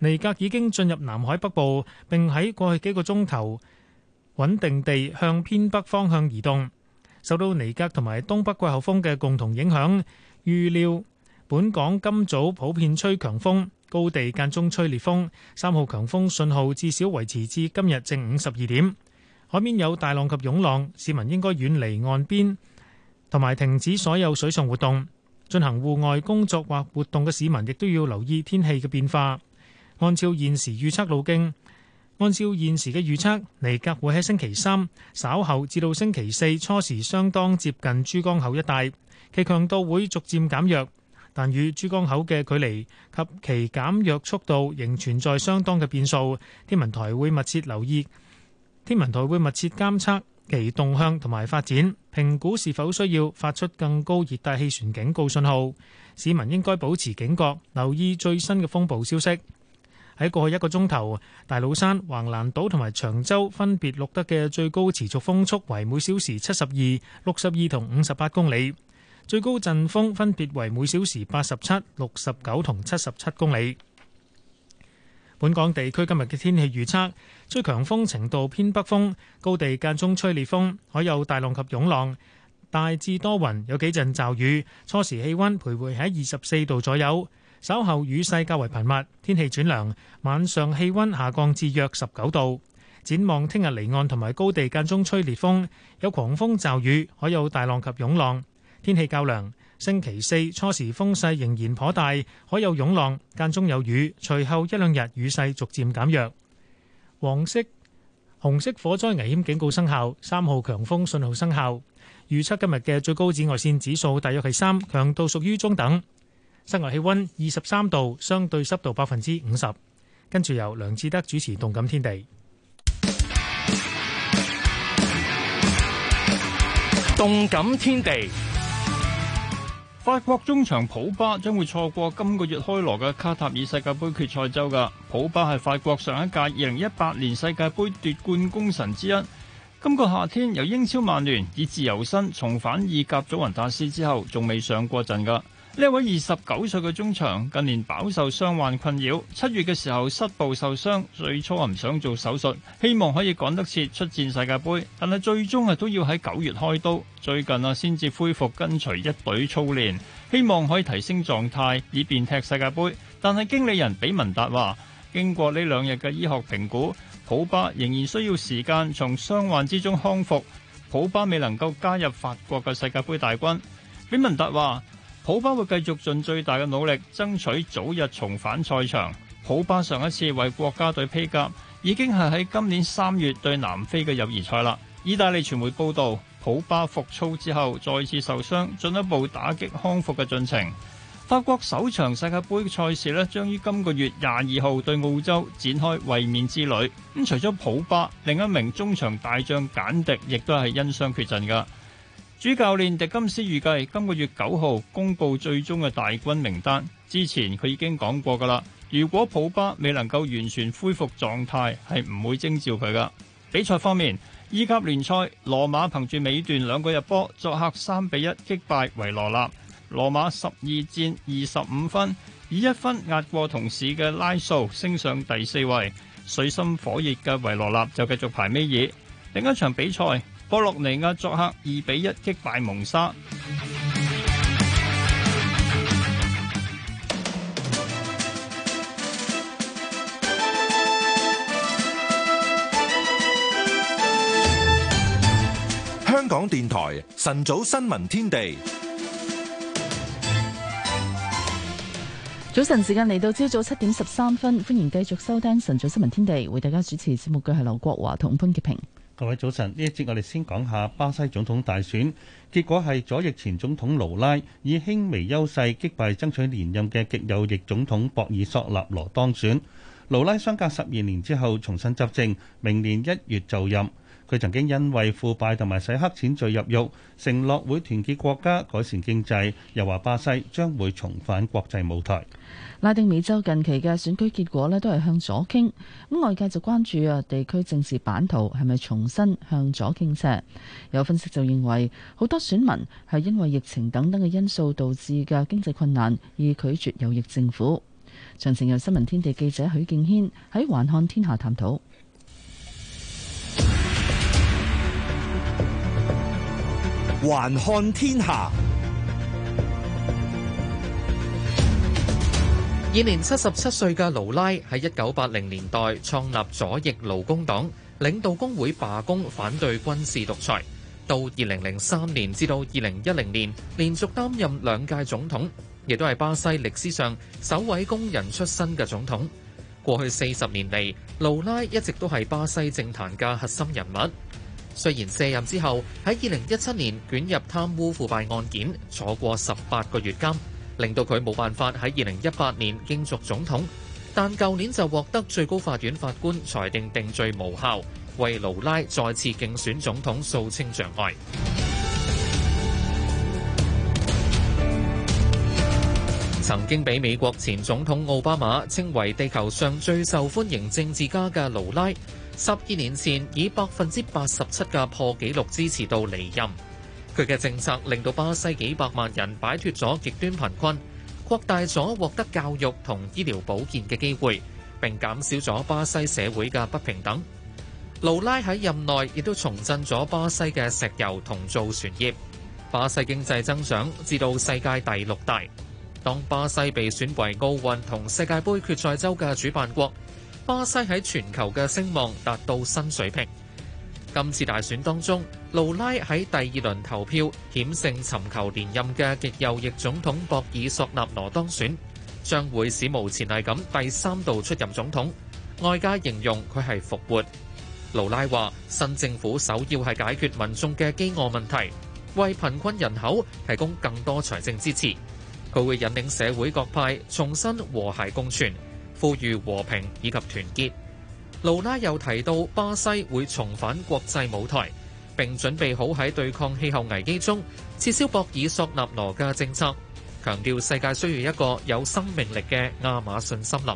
尼格已經進入南海北部，並喺過去幾個鐘頭，穩定地向偏北方向移動，受到尼格同埋東北季候風嘅共同影響，預料本港今早普遍吹強風，高地間中吹烈風，三號強風信號至少維持至今日正午十二點。海面有大浪及湧浪，市民應該遠離岸邊，同埋停止所有水上活動。進行戶外工作或活動嘅市民亦都要留意天氣嘅變化。按照現時預測路徑。按照現時嘅預測，尼格會喺星期三稍後至到星期四初時相當接近珠江口一帶，其強度會逐漸減弱，但與珠江口嘅距離及其減弱速度仍存在相當嘅變數。天文台會密切留意，天文台會密切監測其動向同埋發展，評估是否需要發出更高熱帶氣旋警告信號。市民應該保持警覺，留意最新嘅風暴消息。喺過去一個鐘頭，大老山、橫瀾島同埋長洲分別錄得嘅最高持續風速為每小時七十二、六十二同五十八公里，最高陣風分別為每小時八十七、六十九同七十七公里。本港地區今日嘅天氣預測：吹強風程度偏北風，高地間中吹烈風，海有大浪及湧浪，大致多雲，有幾陣驟雨。初時氣温徘徊喺二十四度左右。稍後雨勢較為頻密，天氣轉涼，晚上氣温下降至約十九度。展望聽日離岸同埋高地間中吹烈風，有狂風驟雨，可有大浪及湧浪，天氣較涼。星期四初時風勢仍然頗大，可有湧浪，間中有雨。隨後一兩日雨勢逐漸減弱。黃色、紅色火災危險警告生效，三號強風信號生效。預測今日嘅最高紫外線指數大約係三，強度屬於中等。室外氣溫二十三度，相對濕度百分之五十。跟住，由梁志德主持《動感天地》。《動感天地》。法國中場普巴將會錯過今個月開鑼嘅卡塔爾世界盃決賽周㗎。普巴係法國上一屆二零一八年世界盃奪冠功臣之一。今個夏天由英超曼聯以自由身重返意甲祖雲達斯之後，仲未上過陣㗎。呢位二十九歲嘅中場近年飽受傷患困擾，七月嘅時候膝部受傷，最初啊唔想做手術，希望可以趕得切出戰世界杯，但係最終啊都要喺九月開刀，最近啊先至恢復跟隨一隊操練，希望可以提升狀態以便踢世界杯。但係經理人比文達話，經過呢兩日嘅醫學評估，普巴仍然需要時間從傷患之中康復，普巴未能夠加入法國嘅世界杯大軍。比文達話。普巴會繼續盡最大嘅努力，爭取早日重返賽場。普巴上一次為國家隊披甲，已經係喺今年三月對南非嘅友誼賽啦。意大利傳媒報道，普巴復操之後再次受傷，進一步打擊康復嘅進程。法國首場世界盃賽事咧，將於今個月廿二號對澳洲展開衛冕之旅。咁、嗯、除咗普巴，另一名中場大將簡迪亦都係因傷缺陣噶。主教練迪金斯預計今個月九號公布最終嘅大軍名單。之前佢已經講過㗎喇，如果普巴未能夠完全恢復狀態，係唔會徵召佢㗎。比賽方面，意甲聯賽羅馬憑住尾段兩個入波，作客三比一擊敗維羅納。羅馬十二戰二十五分，以一分壓過同事嘅拉素，升上第四位。水深火熱嘅維羅納就繼續排尾二。另一場比賽。波洛尼亞作客二比一擊敗蒙沙。香港電台晨早新聞天地，早晨時間嚟到朝早七點十三分，歡迎繼續收聽晨早新聞天地，為大家主持節目嘅係劉國華同潘潔平。各位早晨，呢一節我哋先講下巴西總統大選結果，係左翼前總統盧拉以輕微優勢擊敗爭取連任嘅極右翼總統博爾索納羅當選，盧拉相隔十二年之後重新執政，明年一月就任。佢曾經因為腐敗同埋洗黑錢罪入獄，承諾會團結國家改善經濟，又話巴西將會重返國際舞台。拉丁美洲近期嘅選舉結果咧都係向左傾，咁外界就關注啊地區政治版圖係咪重新向左傾斜？有分析就認為好多選民係因為疫情等等嘅因素導致嘅經濟困難而拒絕右翼政府。詳情由新聞天地記者許敬軒喺環看天下探討。還看天下，現年七十七歲嘅盧拉喺一九八零年代創立左翼勞工黨，領導工會罷工反對軍事獨裁。到二零零三年至到二零一零年，連續擔任兩屆總統，亦都係巴西歷史上首位工人出身嘅總統。過去四十年嚟，盧拉一直都係巴西政壇嘅核心人物。雖然卸任之後喺二零一七年捲入貪污腐敗案件，坐過十八個月監，令到佢冇辦法喺二零一八年競逐總統，但舊年就獲得最高法院法官裁定定罪無效，為盧拉再次競選總統掃清障礙。曾經俾美國前總統奧巴馬稱為地球上最受歡迎政治家嘅盧拉。十二年前，以百分之八十七嘅破紀錄支持度離任。佢嘅政策令到巴西幾百萬人擺脫咗極端貧困，擴大咗獲得教育同醫療保健嘅機會，並減少咗巴西社會嘅不平等。盧拉喺任內亦都重振咗巴西嘅石油同造船業，巴西經濟增長至到世界第六大。當巴西被選為奧運同世界盃決賽周嘅主辦國。巴西喺全球嘅聲望達到新水平。今次大選當中，盧拉喺第二輪投票險勝尋求連任嘅極右翼總統博爾索納羅當選，將會史無前例咁第三度出任總統。外界形容佢係復活。盧拉話，新政府首要係解決民眾嘅飢餓問題，為貧困人口提供更多財政支持。佢會引領社會各派重新和諧共存。呼籲和平以及團結。盧拉又提到，巴西會重返國際舞台，並準備好喺對抗氣候危機中撤銷博爾索納羅加政策，強調世界需要一個有生命力嘅亞馬遜森林。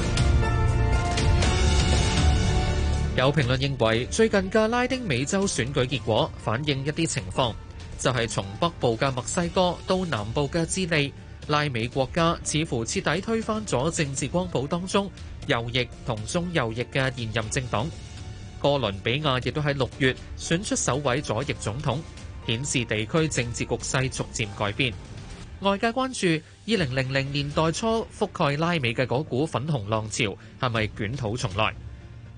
有評論認為，最近嘅拉丁美洲選舉結果反映一啲情況。就係從北部嘅墨西哥到南部嘅智利，拉美國家似乎徹底推翻咗政治光譜當中右翼同中右翼嘅現任政黨。哥倫比亞亦都喺六月選出首位左翼總統，顯示地區政治局勢逐漸改變。外界關注二零零零年代初覆蓋拉美嘅嗰股粉紅浪潮係咪捲土重來？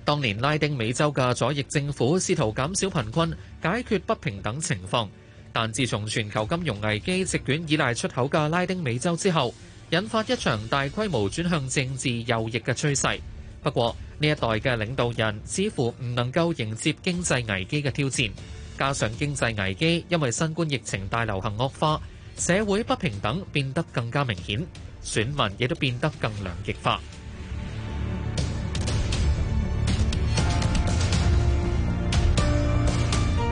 當年拉丁美洲嘅左翼政府試圖減少貧困、解決不平等情況。但自從全球金融危機席捲依賴出口嘅拉丁美洲之後，引發一場大規模轉向政治右翼嘅趨勢。不過呢一代嘅領導人似乎唔能夠迎接經濟危機嘅挑戰，加上經濟危機因為新冠疫情大流行惡化，社會不平等變得更加明顯，選民亦都變得更兩極化。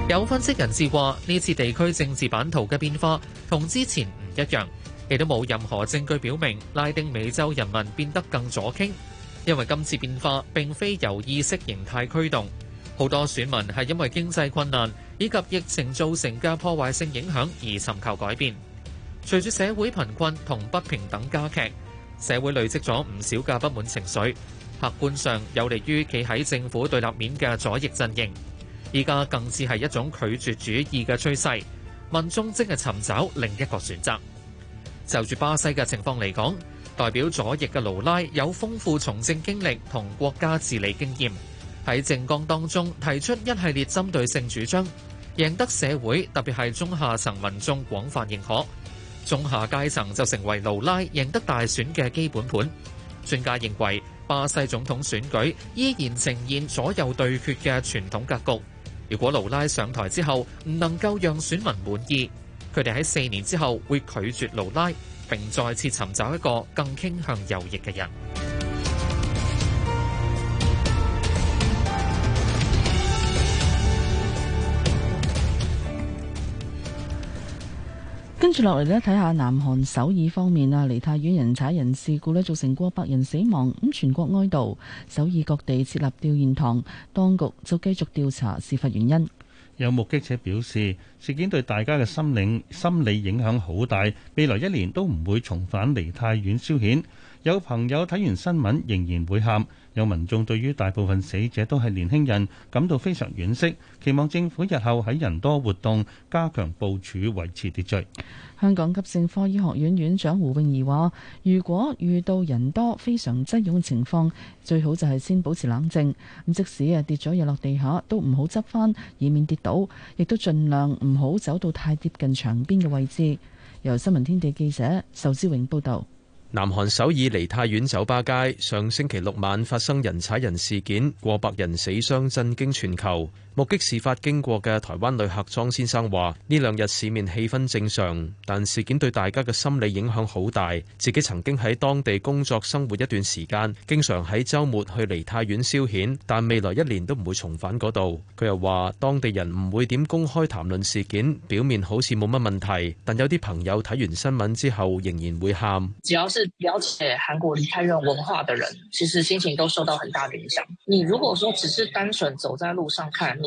有分析人士話：呢次地區政治版圖嘅變化同之前唔一樣，亦都冇任何證據表明拉丁美洲人民變得更左傾，因為今次變化並非由意識形態驅動，好多選民係因為經濟困難以及疫情造成嘅破壞性影響而尋求改變。隨住社會貧困同不平等加劇，社會累積咗唔少嘅不滿情緒，客觀上有利於企喺政府對立面嘅左翼陣營。依家更似係一種拒絕主義嘅趨勢，民眾正係尋找另一個選擇。就住巴西嘅情況嚟講，代表左翼嘅盧拉有豐富從政經歷同國家治理經驗，喺政綱當中提出一系列針對性主張，贏得社會特別係中下層民眾廣泛認可。中下階層就成為盧拉贏得大選嘅基本盤。專家認為，巴西總統選舉依然呈現左右對決嘅傳統格局。如果盧拉上台之後唔能夠讓選民滿意，佢哋喺四年之後會拒絕盧拉，並再次尋找一個更傾向右翼嘅人。跟住落嚟咧，睇下看看南韓首爾方面啊，梨泰院人踩人事故咧，造成過百人死亡，咁全國哀悼，首爾各地設立弔唁堂，當局就繼續調查事發原因。有目擊者表示，事件對大家嘅心靈心理影響好大，未來一年都唔會重返梨泰院消遣。有朋友睇完新聞仍然會喊。有民眾對於大部分死者都係年輕人感到非常惋惜，期望政府日後喺人多活動加強部署，維持秩序。香港急症科醫學院院長胡穎儀話，如果遇到人多非常擠擁嘅情況，最好就係先保持冷靜。咁即使啊跌咗嘢落地下，都唔好執翻，以免跌倒，亦都儘量唔好走到太接近牆邊嘅位置。由新聞天地記者壽之永報道。南韓首爾梨泰院酒吧街，上星期六晚發生人踩人事件，過百人死傷，震驚全球。目擊事發經過嘅台灣旅客莊先生話：呢兩日市面氣氛正常，但事件對大家嘅心理影響好大。自己曾經喺當地工作生活一段時間，經常喺周末去梨泰院消遣，但未來一年都唔會重返嗰度。佢又話：當地人唔會點公開談論事件，表面好似冇乜問題，但有啲朋友睇完新聞之後仍然會喊。只要是了解韓國梨泰院文化嘅人，其實心情都受到很大嘅影響。你如果說只是單純走在路上看，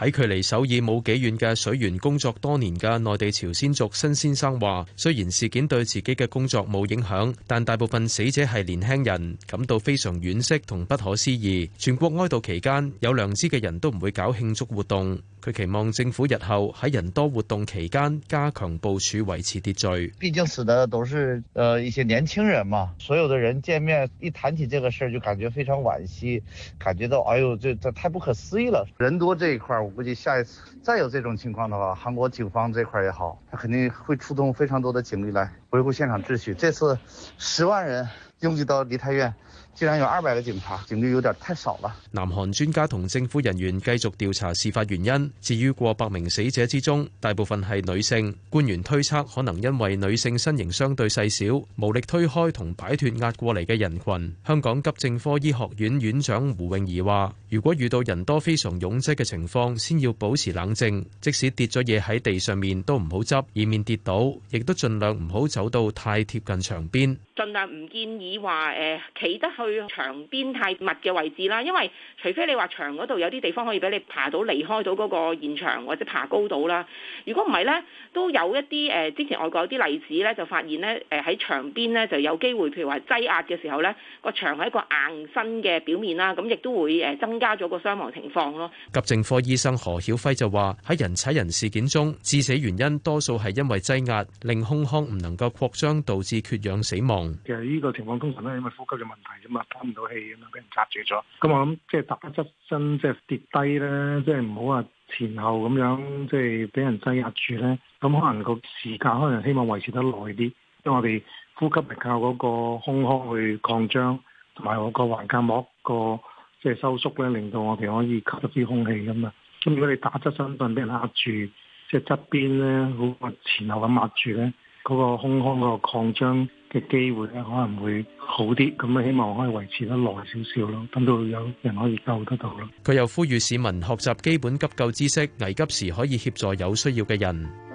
喺距離首爾冇幾遠嘅水源工作多年嘅內地朝鮮族新先生話，雖然事件對自己嘅工作冇影響，但大部分死者係年輕人，感到非常惋惜同不可思議。全國哀悼期間，有良知嘅人都唔會搞慶祝活動。佢期望政府日後喺人多活動期間加強部署，維持秩序。畢竟死的都是，呃，一些年輕人嘛，所有的人見面一談起這個事，就感覺非常惋惜，感覺到，哎呦，這這太不可思議了。人多這一塊。估計下一次再有這種情況的話，韓國警方這塊也好，他肯定會出動非常多的警力來維護現場秩序。這次十萬人擁擠到梨泰院，竟然有二百個警察，警力有點太少了。南韓專家同政府人員繼續調查事發原因。至於過百名死者之中，大部分係女性。官員推測可能因為女性身形相對細小，無力推開同擺脫壓過嚟嘅人群。香港急症科醫學院院長胡泳儀話：如果遇到人多非常擁擠嘅情況，先要保持冷靜，即使跌咗嘢喺地上面都唔好執，以免跌倒，亦都盡量唔好走到太貼近牆邊。盡量唔建議話誒企得去。牆邊太密嘅位置啦，因為除非你話牆嗰度有啲地方可以俾你爬到離開到嗰個現場或者爬高度啦，如果唔係呢，都有一啲誒之前外國有啲例子咧，就發現呢，誒喺牆邊呢，就有機會，譬如話擠壓嘅時候呢，個牆係一個硬身嘅表面啦，咁亦都會誒增加咗個傷亡情況咯。急症科醫生何曉輝就話喺人踩人事件中，致死原因多數係因為擠壓令胸腔唔能夠擴張，導致缺氧死亡。其實呢個情況通常咧，因為呼吸嘅問題。打唔到氣咁樣，俾人壓住咗。咁我諗，即係打側身，即係跌低咧，即係唔好話前後咁樣，即係俾人擠壓住咧。咁可能個時間，可能希望維持得耐啲，因為我哋呼吸係靠嗰個胸腔去擴張，同埋我個橫隔膜個即係收縮咧，令到我哋可以吸到啲空氣㗎嘛。咁如果你打側身瞓，俾人壓住，即係側邊咧，好我前後咁壓住咧，嗰個胸腔嗰個擴張嘅機會咧，可能會好啲，咁啊，希望可以維持得耐少少咯，等到有人可以救得到咯。佢又呼籲市民學習基本急救知識，危急時可以協助有需要嘅人。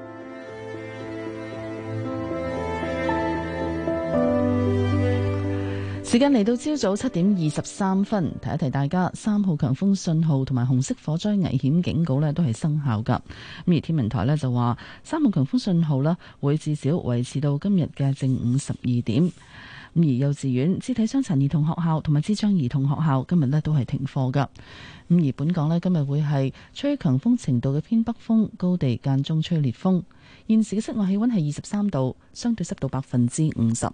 時間嚟到朝早七點二十三分，提一提大家，三號強風信號同埋紅色火災危險警告咧都係生效噶。咁而天文台咧就話，三號強風信號咧會至少維持到今日嘅正午十二點。咁而幼稚園、肢體傷殘兒童學校同埋智障兒童學校今日咧都係停課噶。咁而本港咧今日會係吹強風程度嘅偏北風，高地間中吹烈風。現時嘅室外氣温係二十三度，相對濕度百分之五十。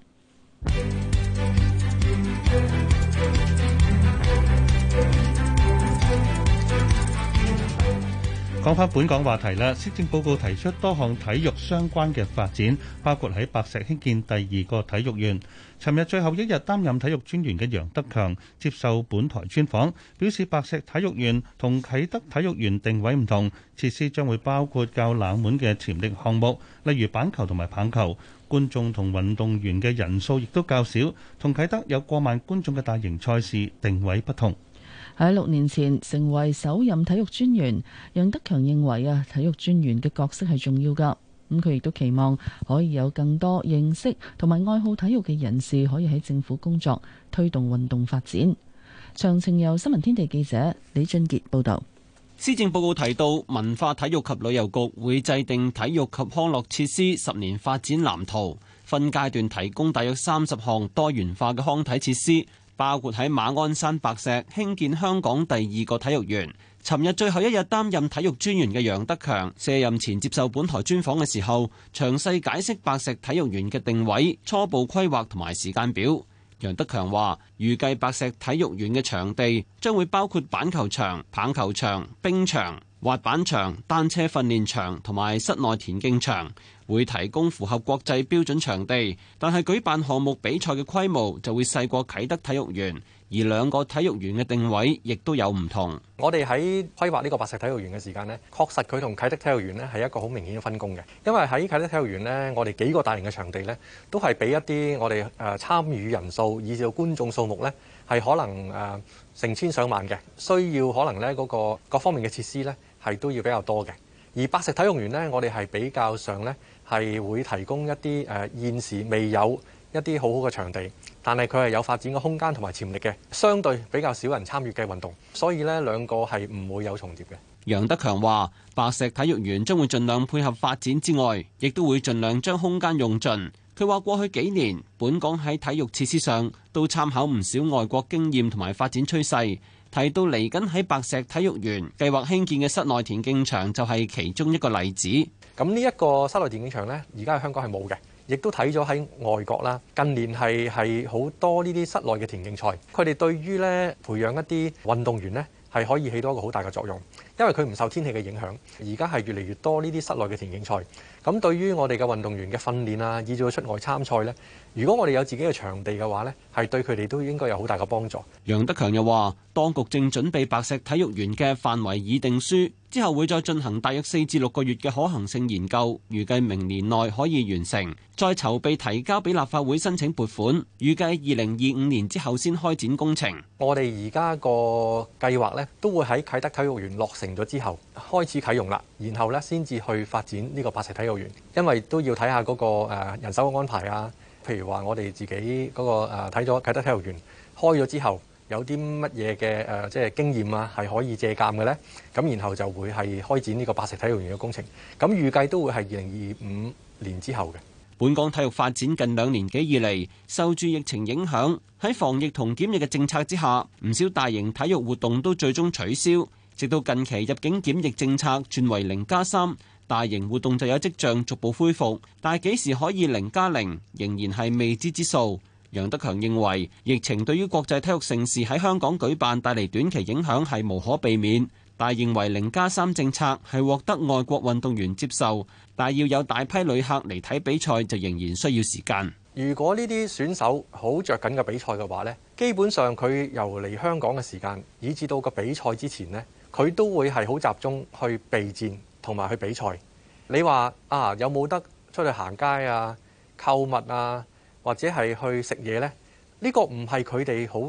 講翻本港話題啦，施政報告提出多項體育相關嘅發展，包括喺白石興建第二個體育園。尋日最後一日擔任體育專員嘅楊德強接受本台專訪，表示白石體育園同啟德體育園定位唔同，設施將會包括較冷門嘅潛力項目，例如板球同埋棒球。觀眾同運動員嘅人數亦都較少，同啟德有過萬觀眾嘅大型賽事定位不同。喺六年前成為首任體育專員，楊德強認為啊，體育專員嘅角色係重要噶。咁佢亦都期望可以有更多認識同埋愛好體育嘅人士可以喺政府工作，推動運動發展。詳情由新聞天地記者李俊杰報道。施政報告提到，文化體育及旅遊局會制定體育及康樂設施十年發展藍圖，分階段提供大約三十項多元化嘅康體設施，包括喺馬鞍山白石興建香港第二個體育園。尋日最後一日擔任體育專員嘅楊德強卸任前接受本台專訪嘅時候，詳細解釋白石體育園嘅定位、初步規劃同埋時間表。楊德強話：預計白石體育園嘅場地將會包括板球場、棒球場、冰場、滑板場、單車訓練場同埋室內田徑場，會提供符合國際標準場地，但係舉辦項目比賽嘅規模就會細過啟德體育園。而兩個體育園嘅定位亦都有唔同。我哋喺規劃呢個白石體育園嘅時間咧，確實佢同啟德體育園咧係一個好明顯嘅分工嘅。因為喺啟德體育園呢，我哋幾個大型嘅場地呢，都係俾一啲我哋誒參與人數以至到觀眾數目呢，係可能誒成千上萬嘅，需要可能呢嗰個各方面嘅設施呢，係都要比較多嘅。而白石體育園呢，我哋係比較上呢，係會提供一啲誒現時未有。一啲好好嘅場地，但係佢係有發展嘅空間同埋潛力嘅，相對比較少人參與嘅運動，所以呢兩個係唔會有重疊嘅。楊德強話：白石體育園將會盡量配合發展之外，亦都會盡量將空間用盡。佢話過去幾年，本港喺體育設施上都參考唔少外國經驗同埋發展趨勢，提到嚟緊喺白石體育園計劃興建嘅室內田徑場就係其中一個例子。咁呢一個室內田徑場呢，而家香港係冇嘅。亦都睇咗喺外國啦，近年係係好多呢啲室內嘅田徑賽，佢哋對於咧培養一啲運動員咧，係可以起到一個好大嘅作用。因為佢唔受天氣嘅影響，而家係越嚟越多呢啲室內嘅田徑賽。咁對於我哋嘅運動員嘅訓練啊，以至出外參賽呢，如果我哋有自己嘅場地嘅話呢，係對佢哋都應該有好大嘅幫助。楊德強又話，當局正準備白石體育園嘅範圍擬定書，之後會再進行大約四至六個月嘅可行性研究，預計明年內可以完成，再籌備提交俾立法會申請撥款，預計二零二五年之後先開展工程。我哋而家個計劃呢，都會喺啟德體育園落成咗之後開始啟用啦，然後咧先至去發展呢個白石體育園，因為都要睇下嗰個誒人手安排啊。譬如話我哋自己個誒睇咗啟德體育園開咗之後有啲乜嘢嘅誒，即係經驗啊，係可以借鑒嘅呢。咁然後就會係開展呢個白石體育園嘅工程。咁預計都會係二零二五年之後嘅。本港體育發展近兩年幾以嚟，受住疫情影響，喺防疫同檢疫嘅政策之下，唔少大型體育活動都最終取消。直到近期入境檢疫政策轉為零加三，3，大型活動就有跡象逐步恢復，但係幾時可以零加零，0，仍然係未知之數。楊德強認為疫情對於國際體育盛事喺香港舉辦帶嚟短期影響係無可避免，但認為零加三政策係獲得外國運動員接受，但要有大批旅客嚟睇比賽就仍然需要時間。如果呢啲選手好着緊嘅比賽嘅話咧，基本上佢由嚟香港嘅時間以至到個比賽之前咧，佢都會係好集中去備戰同埋去比賽。你話啊，有冇得出去行街啊、購物啊，或者係去食嘢呢？呢個唔係佢哋好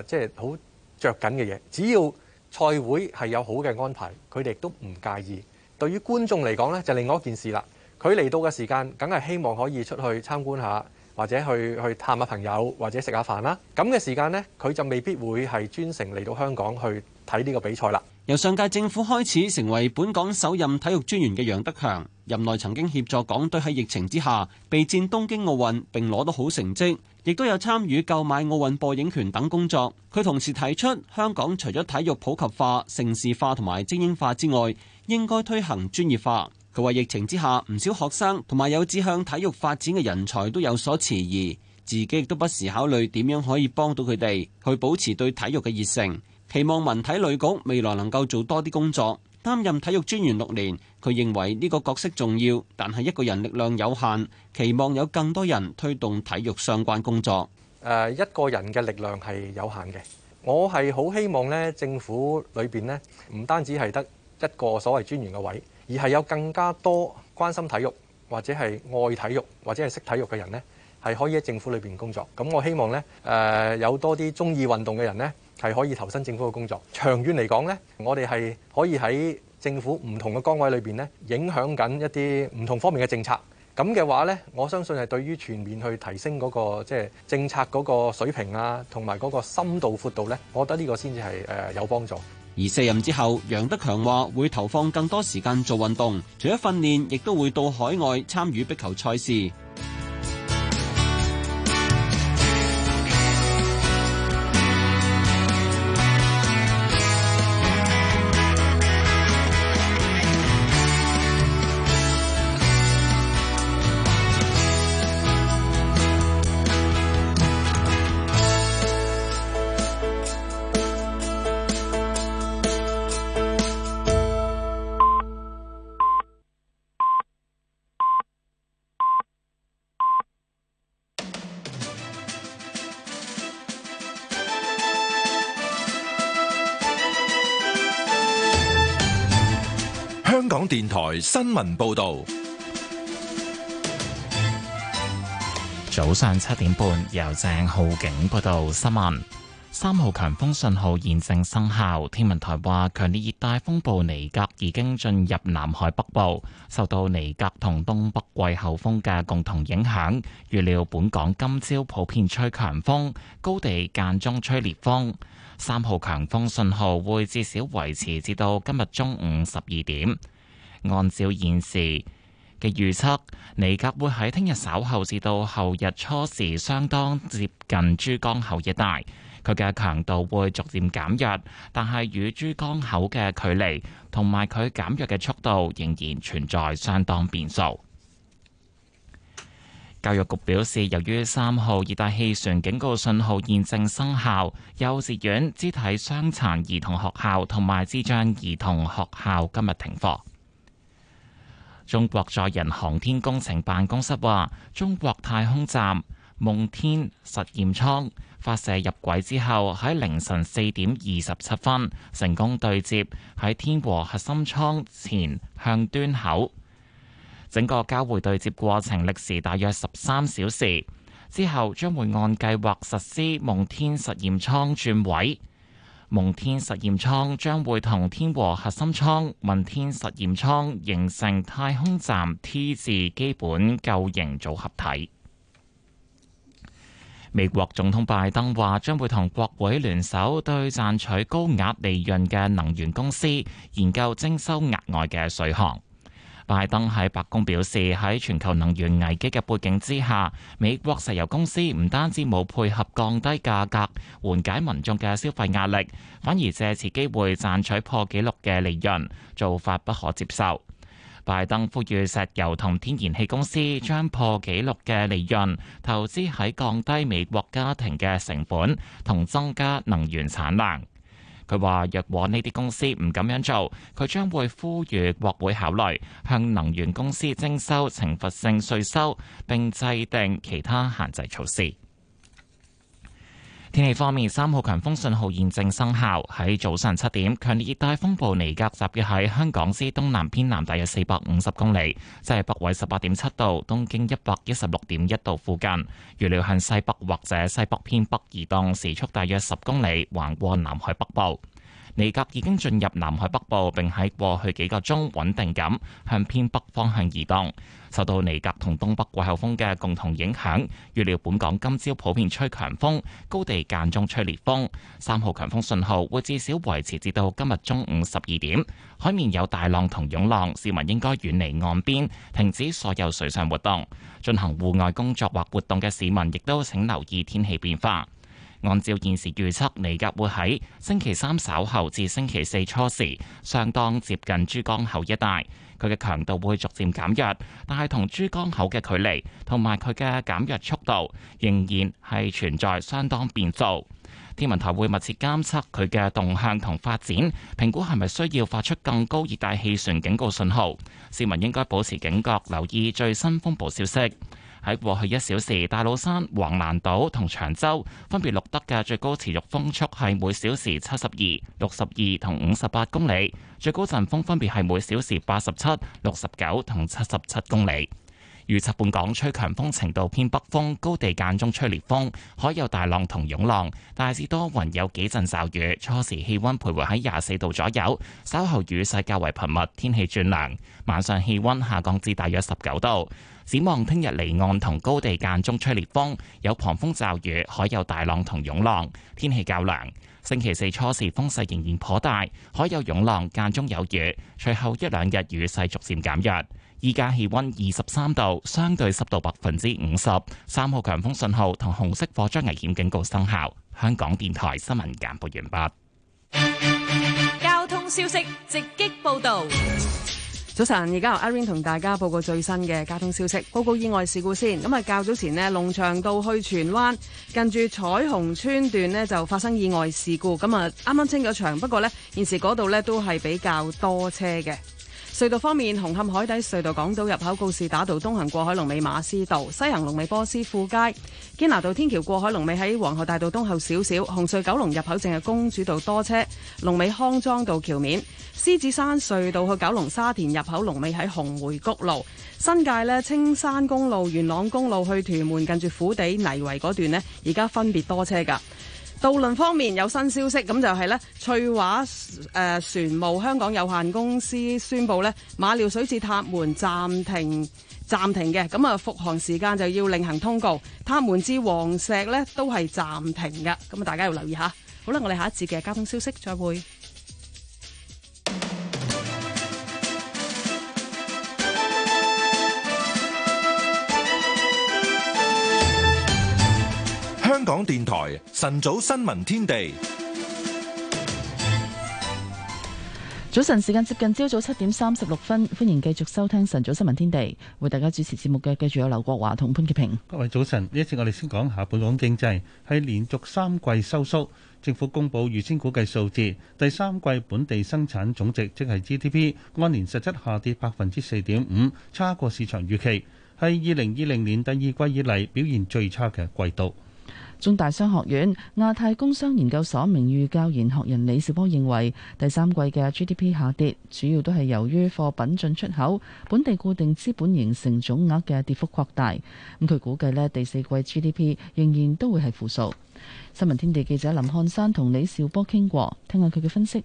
誒，即係好著緊嘅嘢。只要賽會係有好嘅安排，佢哋都唔介意。對於觀眾嚟講呢，就另外一件事啦。佢嚟到嘅時間，梗係希望可以出去參觀下，或者去去探下朋友，或者食下飯啦。咁嘅時間呢，佢就未必會係專程嚟到香港去睇呢個比賽啦。由上屆政府開始成為本港首任體育專員嘅楊德強，任內曾經協助港隊喺疫情之下備戰東京奧運並攞到好成績，亦都有參與購買奧運播映權等工作。佢同時提出，香港除咗體育普及化、城市化同埋精英化之外，應該推行專業化。佢話疫情之下，唔少學生同埋有志向體育發展嘅人才都有所遲疑，自己亦都不時考慮點樣可以幫到佢哋去保持對體育嘅熱誠。希望文體旅局未來能夠做多啲工作。擔任體育專員六年，佢認為呢個角色重要，但係一個人力量有限，期望有更多人推動體育相關工作。誒，一個人嘅力量係有限嘅。我係好希望呢，政府裏邊呢唔單止係得一個所謂專員嘅位，而係有更加多關心體育或者係愛體育或者係識體育嘅人呢，係可以喺政府裏邊工作。咁我希望呢誒有多啲鍾意運動嘅人呢。係可以投身政府嘅工作，長遠嚟講呢我哋係可以喺政府唔同嘅崗位裏邊咧，影響緊一啲唔同方面嘅政策。咁嘅話呢我相信係對於全面去提升嗰個即係政策嗰個水平啊，同埋嗰個深度、闊度呢，我覺得呢個先至係誒有幫助。而卸任之後，楊德強話會投放更多時間做運動，除咗訓練，亦都會到海外參與壁球賽事。新聞報道，早上七點半由鄭浩景報道新聞。三號強風信號現正生效，天文台話強烈熱帶風暴尼格已經進入南海北部，受到尼格同東北季候風嘅共同影響，預料本港今朝普遍吹強風，高地間中吹烈風。三號強風信號會至少維持至到今日中午十二點。按照現時嘅預測，尼格會喺聽日稍後至到後日初時，相當接近珠江口一帶。佢嘅強度會逐漸減弱，但係與珠江口嘅距離同埋佢減弱嘅速度，仍然存在相當變數。教育局表示，由於三號熱帶氣旋警告信號現正生效，幼稚園、肢體傷殘兒童學校同埋智障兒童學校今日停課。中國載人航天工程辦公室話，中國太空站夢天實驗艙發射入軌之後，喺凌晨四點二十七分成功對接喺天和核心艙前向端口。整個交會對接過程歷時大約十三小時，之後將會按計劃實施夢天實驗艙轉位。夢天實驗艙將會同天和核心艙、問天實驗艙形成太空站 T 字基本構型組合體。美國總統拜登話，將會同國會聯手，對賺取高額利潤嘅能源公司研究徵收額外嘅稅項。拜登喺白宮表示，喺全球能源危機嘅背景之下，美國石油公司唔單止冇配合降低價格，緩解民眾嘅消費壓力，反而借此機會賺取破紀錄嘅利潤，做法不可接受。拜登呼籲石油同天然氣公司將破紀錄嘅利潤投資喺降低美國家庭嘅成本同增加能源產量。佢話若果呢啲公司唔咁樣做，佢將會呼籲國會考慮向能源公司徵收懲罰性稅收，並制定其他限制措施。天氣方面，三號強風信號現正生效。喺早上七點，強烈熱帶風暴尼格集結喺香港之東南偏南大約四百五十公里，即係北緯十八點七度、東經一百一十六點一度附近，預料向西北或者西北偏北移動，時速大約十公里，橫過南海北部。尼格已經進入南海北部，並喺過去幾個鐘穩定咁向偏北方向移動。受到尼格同東北季候風嘅共同影響，預料本港今朝普遍吹強風，高地間中吹烈風。三號強風信號會至少維持至到今日中午十二點。海面有大浪同湧浪，市民應該遠離岸邊，停止所有水上活動。進行戶外工作或活動嘅市民，亦都請留意天氣變化。按照現時預測，尼格會喺星期三稍後至星期四初時，相當接近珠江口一帶。佢嘅強度會逐漸減弱，但係同珠江口嘅距離同埋佢嘅減弱速度，仍然係存在相當變數。天文台會密切監測佢嘅動向同發展，評估係咪需要發出更高熱帶氣旋警告信號。市民應該保持警覺，留意最新風暴消息。喺過去一小時，大老山、橫瀾島同長洲分別錄得嘅最高持續風速係每小時七十二、六十二同五十八公里，最高陣風分別係每小時八十七、六十九同七十七公里。預測本港吹強風，程度偏北風，高地間中吹烈風，海有大浪同湧浪，大致多雲，有幾陣驟雨。初時氣溫徘徊喺廿四度左右，稍後雨勢較為頻密，天氣轉涼。晚上氣溫下降至大約十九度。展望聽日離岸同高地間中吹烈風，有狂風驟雨，海有大浪同湧浪，天氣較涼。星期四初時風勢仍然頗大，海有湧浪，間中有雨，隨後一兩日雨勢逐漸減弱。依家氣溫二十三度，相對濕度百分之五十，三號強風信號同紅色火災危險警告生效。香港電台新聞簡報完畢。交通消息直擊報道。早晨，而家由阿 Ring 同大家報告最新嘅交通消息。報告意外事故先。咁啊，較早前呢，龍翔道去荃灣近住彩虹村段呢，就發生意外事故。咁啊，啱啱清咗場，不過呢，現時嗰度呢，都係比較多車嘅。隧道方面，紅磡海底隧道港島入口告士打道東行過海龍尾馬師道，西行龍尾波斯富街；堅拿道天橋過海龍尾喺皇后大道東後少少。紅隧九龍入口淨係公主道多車，龍尾康莊道橋面。獅子山隧道去九龍沙田入口龍尾喺紅梅谷路。新界呢，青山公路、元朗公路去屯門近住虎地泥圍嗰段呢，而家分別多車噶。渡輪方面有新消息，咁就係、是、咧，翠華船務香港有限公司宣布咧，馬料水至塔門暫停暫停嘅，咁啊復航時間就要另行通告。塔門至黃石咧都係暫停嘅，咁啊大家要留意下。好啦，我哋下一節嘅交通消息，再會。港電台晨早新聞天地，早晨時間接近朝早七點三十六分，歡迎繼續收聽晨早新聞天地。為大家主持節目嘅，繼續有劉國華同潘潔平。各位早晨，呢一次我哋先講下本港經濟係連續三季收縮。政府公布預先估計數字，第三季本地生產總值即係 GDP，按年實質下跌百分之四點五，差過市場預期，係二零二零年第二季以嚟表現最差嘅季度。中大商學院亞太工商研究所名譽教研學人李兆波認為第三季嘅 GDP 下跌，主要都係由於貨品進出口、本地固定資本形成總額嘅跌幅擴大。咁佢估計咧，第四季 GDP 仍然都會係負數。新聞天地記者林漢山同李兆波傾過，聽下佢嘅分析。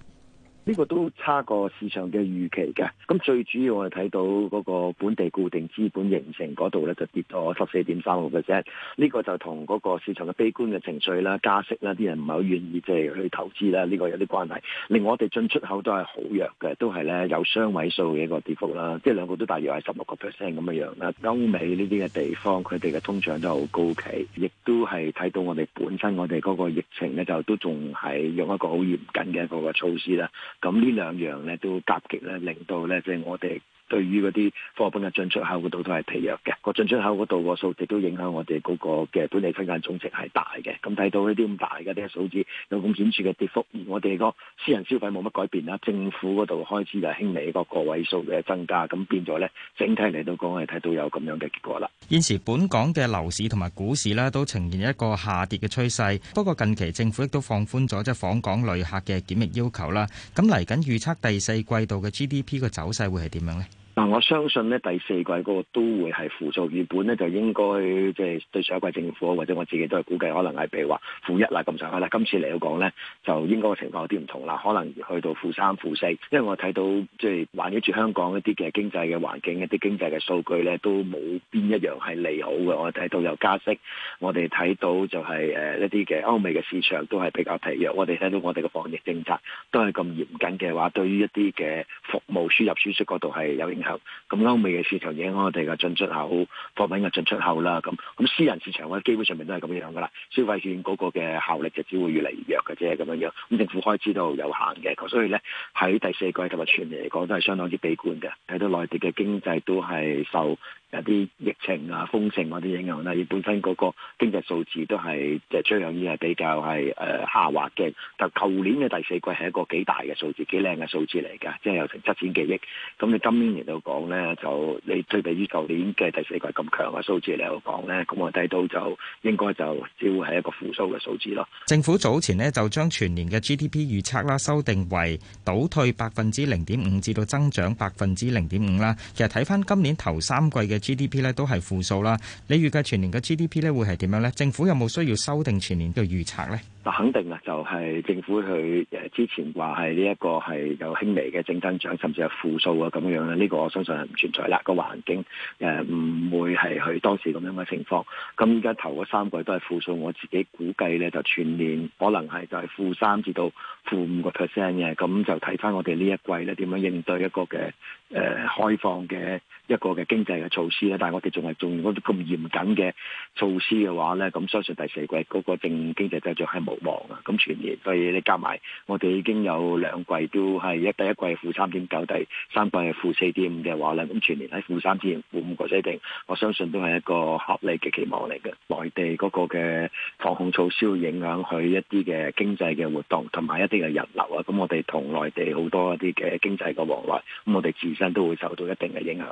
呢個都差過市場嘅預期嘅，咁最主要我哋睇到嗰個本地固定資本形成嗰度咧，就跌咗十四點三個 percent。呢個就同嗰個市場嘅悲觀嘅情緒啦、加息啦，啲人唔係好願意即係去投資啦，呢個有啲關係。令我哋進出口都係好弱嘅，都係咧有雙位數嘅一個跌幅啦，即係兩個都大約係十六個 percent 咁嘅樣。啊，歐美呢啲嘅地方，佢哋嘅通脹都好高企，亦都係睇到我哋本身我哋嗰個疫情咧，就都仲係用一個好嚴謹嘅一個個措施啦。咁呢兩樣咧都夾擊咧，令到咧即係我哋。對於嗰啲貨品嘅進出口嗰度都係疲弱嘅，個進出口嗰度個數值都影響我哋嗰個嘅本地生產總值係大嘅。咁睇到呢啲咁大嘅啲數字有咁顯著嘅跌幅，而我哋個私人消費冇乜改變啦。政府嗰度開始就輕微一個個位數嘅增加，咁變咗咧整體嚟到講，係睇到有咁樣嘅結果啦。現時本港嘅樓市同埋股市咧都呈現一個下跌嘅趨勢，不過近期政府亦都放寬咗即係訪港旅客嘅檢疫要求啦。咁嚟緊預測第四季度嘅 GDP 嘅走勢會係點樣呢？但我相信咧，第四季嗰個都會係負數。原本咧，就應該即係、就是、對上一季政府或者我自己都係估計，可能係譬如話負一啦咁上下啦。今次嚟到講咧，就應該個情況有啲唔同啦，可能去到負三、負四。因為我睇到即係環繞住香港一啲嘅經濟嘅環境、一啲經濟嘅數據咧，都冇邊一樣係利好嘅。我睇到有加息，我哋睇到就係誒一啲嘅歐美嘅市場都係比較疲弱。我哋睇到我哋嘅防疫政策都係咁嚴謹嘅話，對於一啲嘅服務輸入輸出嗰度係有影。咁歐、嗯、美嘅市場影響我哋嘅進出口貨品嘅進出口啦，咁咁私人市場嘅基本上面都係咁樣噶啦，消費券嗰個嘅效力就只會越嚟越弱嘅啫，咁樣樣咁政府開支都有限嘅，咁所以咧喺第四季同埋全年嚟講都係相當之悲觀嘅，睇到內地嘅經濟都係受。有啲疫情啊、封城嗰啲影響啦，本身嗰個經濟數字都係即係趨向於係比較係誒下滑嘅。但舊年嘅第四季係一個幾大嘅數字、幾靚嘅數字嚟噶，即係有成七千幾億。咁你今年嚟到講咧，就你對比於舊年嘅第四季咁強嘅數字嚟到講咧，咁我睇到就應該就只會係一個負數嘅數字咯。政府早前咧就將全年嘅 GDP 預測啦修訂為倒退百分之零點五至到增長百分之零點五啦。其實睇翻今年頭三季嘅。GDP 咧都係負數啦，你預計全年嘅 GDP 咧會係點樣咧？政府有冇需要修訂全年嘅預測咧？嗱，肯定啊，就係政府佢誒之前話係呢一個係有輕微嘅正增長，甚至係負數啊咁樣咧。呢、呢個我相信係唔存在啦，嗰個環境誒唔會係佢當時咁樣嘅情況。咁而家頭嗰三個月都係負數，我自己估計咧就全年可能係就係負三至到負五個 percent 嘅。咁就睇翻我哋呢一季咧點樣應對一個嘅誒、呃、開放嘅。一個嘅經濟嘅措施咧，但係我哋仲係做咁嚴謹嘅措施嘅話咧，咁相信第四季嗰個正經濟跡象係無望嘅。咁全年，所以你加埋，我哋已經有兩季都係一第一季係負三點九，第三季係負四點五嘅話咧，咁全年喺負三至負五個水平，我相信都係一個合理嘅期望嚟嘅。內地嗰個嘅防控措施會影響佢一啲嘅經濟嘅活動同埋一啲嘅人流啊，咁我哋同內地好多一啲嘅經濟嘅往來，咁我哋自身都會受到一定嘅影響。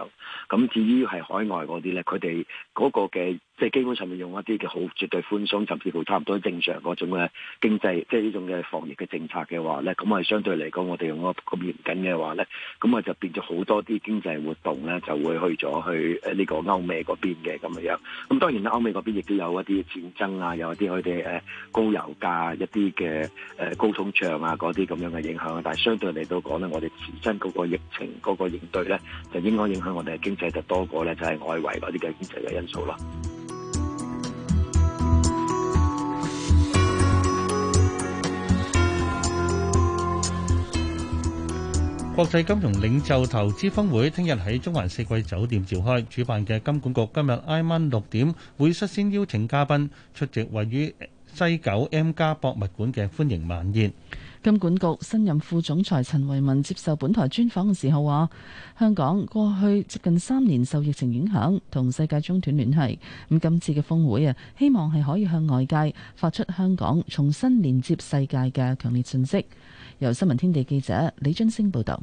咁至於係海外嗰啲咧，佢哋嗰個嘅。即係基本上咪用一啲嘅好絕對寬鬆，甚至乎差唔多正常嗰種嘅經濟，即係呢種嘅防疫嘅政策嘅話咧，咁我係相對嚟講，我哋用個咁嚴謹嘅話咧，咁我就變咗好多啲經濟活動咧，就會去咗去誒呢個歐美嗰邊嘅咁嘅樣。咁當然啦，歐美嗰邊亦都有一啲戰爭啊，有一啲佢哋誒高油價、一啲嘅誒高通脹啊嗰啲咁樣嘅影響。但係相對嚟到講咧，我哋自身嗰個疫情嗰個應對咧，就應該影響我哋嘅經濟得多過咧，就係外圍嗰啲嘅經濟嘅因素咯。國際金融領袖投資峰會聽日喺中環四季酒店召開，主辦嘅金管局今日挨晚六點會率先邀請嘉賓出席位於西九 M 家博物館嘅歡迎晚宴。金管局新任副總裁陳維民接受本台專訪嘅時候話，香港過去接近三年受疫情影響，同世界中斷聯繫，咁今次嘅峰會啊，希望係可以向外界發出香港重新連接世界嘅強烈訊息。由新聞天地記者李津升報道。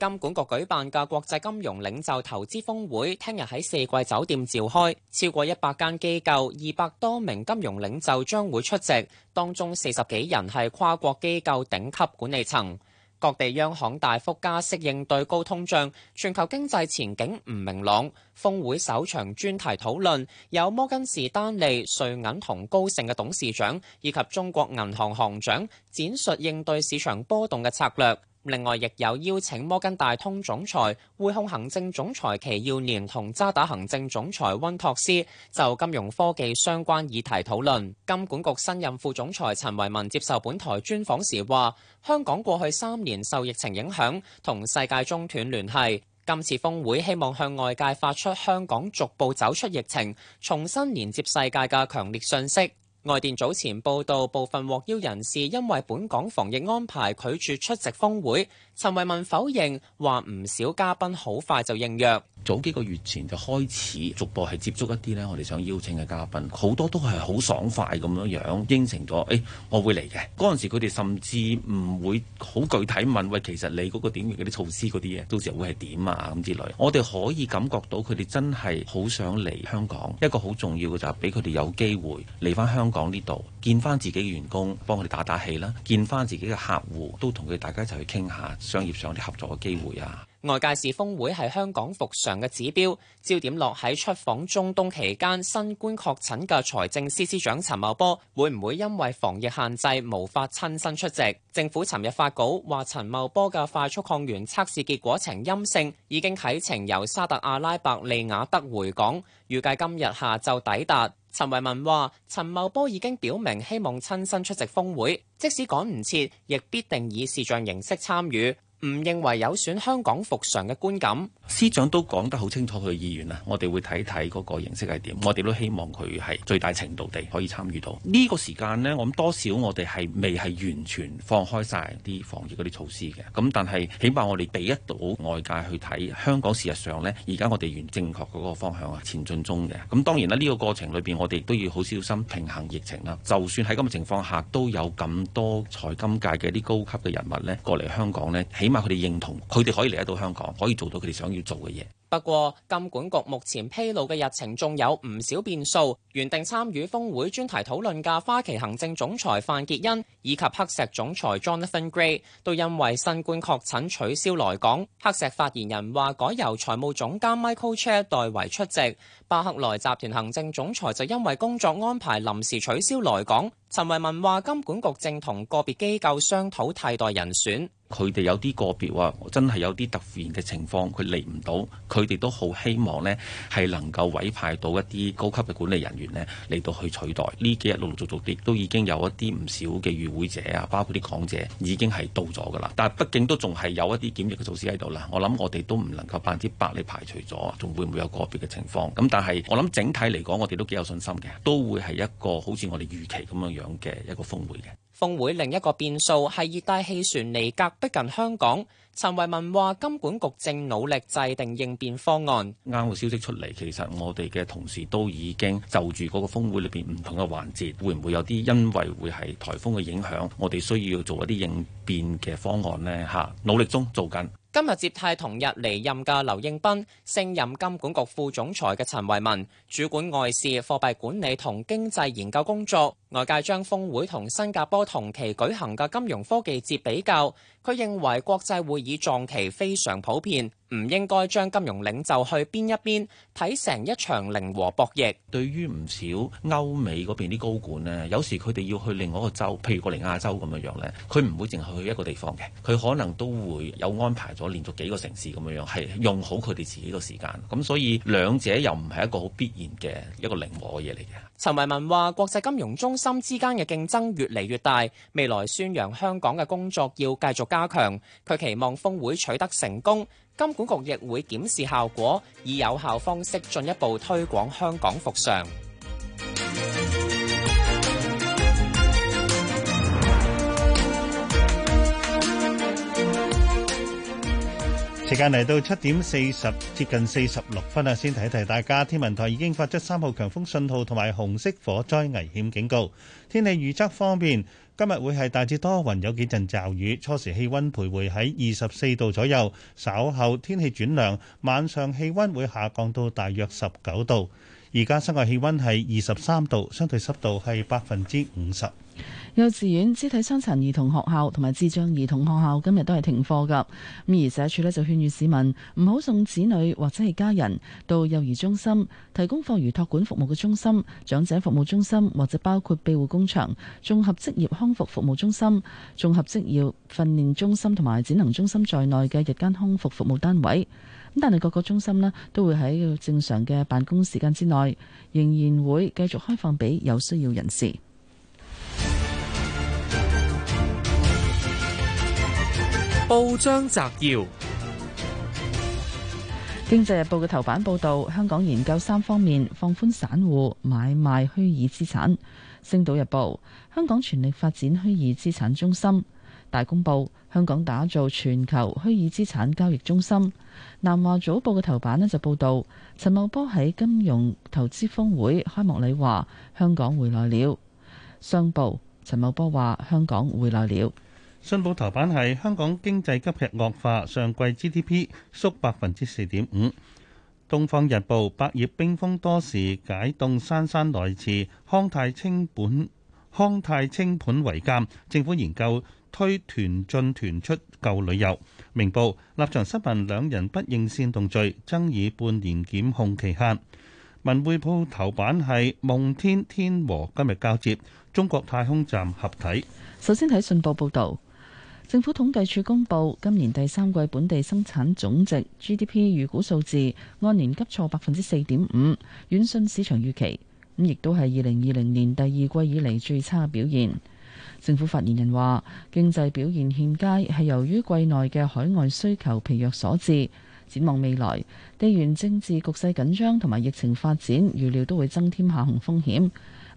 金管局舉辦嘅國際金融領袖投資峰會，聽日喺四季酒店召開，超過一百間機構、二百多名金融領袖將會出席，當中四十幾人係跨國機構頂級管理層。各地央行大幅加息，應對高通脹，全球經濟前景唔明朗。峰會首場專題討論，有摩根士丹利、瑞銀同高盛嘅董事長以及中國銀行行長，展述應對市場波動嘅策略。另外，亦有邀請摩根大通總裁、匯控行政總裁，祁耀年同渣打行政總裁溫托斯就金融科技相關議題討論。金管局新任副總裁陳維民接受本台專訪時話：「香港過去三年受疫情影響，同世界中斷聯繫，今次峰會希望向外界發出香港逐步走出疫情、重新連接世界嘅強烈訊息」。外電早前報道，部分獲邀人士因為本港防疫安排拒絕出席峰會，陳維文否認，話唔少嘉賓好快就應約。早幾個月前就開始逐步係接觸一啲咧，我哋想邀請嘅嘉賓好多都係好爽快咁樣樣應承咗。誒、哎、我會嚟嘅。嗰陣時佢哋甚至唔會好具體問，喂，其實你嗰個點樣啲措施嗰啲嘢，到時會係點啊咁之類，我哋可以感覺到佢哋真係好想嚟香港。一個好重要嘅就係俾佢哋有機會嚟翻香港。講呢度，見翻自己嘅員工，幫佢哋打打氣啦；見翻自己嘅客戶，都同佢大家一齊去傾下商業上啲合作嘅機會啊！嗯外界視峰會係香港復常嘅指標，焦點落喺出訪中東期間新冠確診嘅財政司司長陳茂波會唔會因為防疫限制無法親身出席？政府尋日發稿話，陳茂波嘅快速抗原測試結果呈陰性，已經啟程由沙特阿拉伯利雅德回港，預計今日下晝抵達。陳維文話：陳茂波已經表明希望親身出席峰會，即使趕唔切，亦必定以視像形式參與。唔認為有損香港復常嘅觀感。司長都講得好清楚佢嘅意願啊，我哋會睇睇嗰個形式係點，我哋都希望佢係最大程度地可以參與到呢個時間咧。我諗多少我哋係未係完全放開晒啲防疫嗰啲措施嘅。咁但係起碼我哋俾到外界去睇，香港事實上咧，而家我哋沿正確嗰個方向啊前進中嘅。咁當然啦，呢個過程裏邊我哋都要好小心平衡疫情啦。就算喺咁嘅情況下，都有咁多財金界嘅啲高級嘅人物咧過嚟香港咧。起碼佢哋認同，佢哋可以嚟得到香港，可以做到佢哋想要做嘅嘢。不過，金管局目前披露嘅日程仲有唔少變數。原定參與峰會專題討論嘅花旗行政總裁范潔欣以及黑石總裁 Jonathan Gray 都因為新冠確診取消來港。黑石發言人話改由財務總監 Michael Chae 代為出席。巴克萊集團行政總裁就因為工作安排臨時取消來港。陳維文話，金管局正同個別機構商討替代人選。佢哋有啲個別、啊，我真係有啲突然嘅情況，佢嚟唔到，佢哋都好希望呢係能夠委派到一啲高級嘅管理人員呢嚟到去取代。呢幾日陸陸續續啲，都已經有一啲唔少嘅與會者啊，包括啲講者已經係到咗噶啦。但係畢竟都仲係有一啲檢疫嘅措施喺度啦。我諗我哋都唔能夠百分之百你排除咗，仲會唔會有個別嘅情況？咁、嗯、但係我諗整體嚟講，我哋都幾有信心嘅，都會係一個好似我哋預期咁樣樣嘅一個峰會嘅。峰會另一個變數係熱帶氣旋尼格逼近香港。陳維民話：金管局正努力制定應變方案。啱個消息出嚟，其實我哋嘅同事都已經就住嗰個峯會裏邊唔同嘅環節，會唔會有啲因為會係颱風嘅影響，我哋需要做一啲應變嘅方案呢？嚇、啊，努力中做緊。今日接替同日離任嘅劉應斌，升任金管局副總裁嘅陳維民，主管外事、貨幣管理同經濟研究工作。外界將峰會同新加坡同期舉行嘅金融科技節比較，佢認為國際會議撞期非常普遍，唔應該將金融領袖去邊一邊睇成一場零和博弈。對於唔少歐美嗰邊啲高管呢，有時佢哋要去另外一個州，譬如過嚟亞洲咁樣樣咧，佢唔會淨係去一個地方嘅，佢可能都會有安排咗連續幾個城市咁樣樣，係用好佢哋自己嘅時間。咁所以兩者又唔係一個好必然嘅一個零和嘅嘢嚟嘅。陳偉文話,國際金融中心之間嘅競爭越嚟越大,未來宣揚香港嘅工作要繼續加強,佢期望峰會取得成功,金管局亦會檢視效果,以有效方式進一步推廣香港服賞。時間嚟到七點四十，接近四十六分啦，先提一提大家。天文台已經發出三號強風信號同埋紅色火災危險警告。天氣預測方面，今日會係大致多雲，有幾陣驟雨。初時氣温徘徊喺二十四度左右，稍後天氣轉涼，晚上氣温會下降到大約十九度。而家室外氣溫係二十三度，相對濕度係百分之五十。幼稚園、肢體傷殘兒童學校同埋智障兒童學校今日都係停課㗎。咁而社署呢，就勸喻市民唔好送子女或者係家人到幼兒中心、提供課餘托管服務嘅中心、長者服務中心或者包括庇護工場、綜合職業康復服，服務中心、綜合職業訓練中心同埋展能中心在內嘅日間康復服務單位。但係各個中心呢，都會喺正常嘅辦公時間之內，仍然會繼續開放俾有需要人士。報章摘要：《經濟日報》嘅頭版報道，香港研究三方面放寬散戶買賣虛擬資產。《星島日報》：香港全力發展虛擬資產中心。大公報，香港打造全球虛擬資產交易中心。南華早報嘅頭版咧就報道，陳茂波喺金融投資峰會開幕禮話：香港回來了。商報，陳茂波話：香港回來了。信報，頭版係香港經濟急劇惡化，上季 GDP 縮百分之四點五。《東方日報》，百業冰封多時解凍山山，珊珊來遲。康泰清盤，康泰清盤違監，政府研究。推團進團出舊旅遊，明報立場新聞，兩人不應煽動罪，爭議半年檢控期限。文匯報頭版係夢天天和今日交接中國太空站合體。首先睇信報報導，政府統計處公布今年第三季本地生產總值 GDP 預估數字，按年急挫百分之四點五，遠遜市場預期，咁亦都係二零二零年第二季以嚟最差表現。政府發言人話：經濟表現欠佳係由於季內嘅海外需求疲弱所致。展望未來，地緣政治局勢緊張同埋疫情發展，預料都會增添下行風險。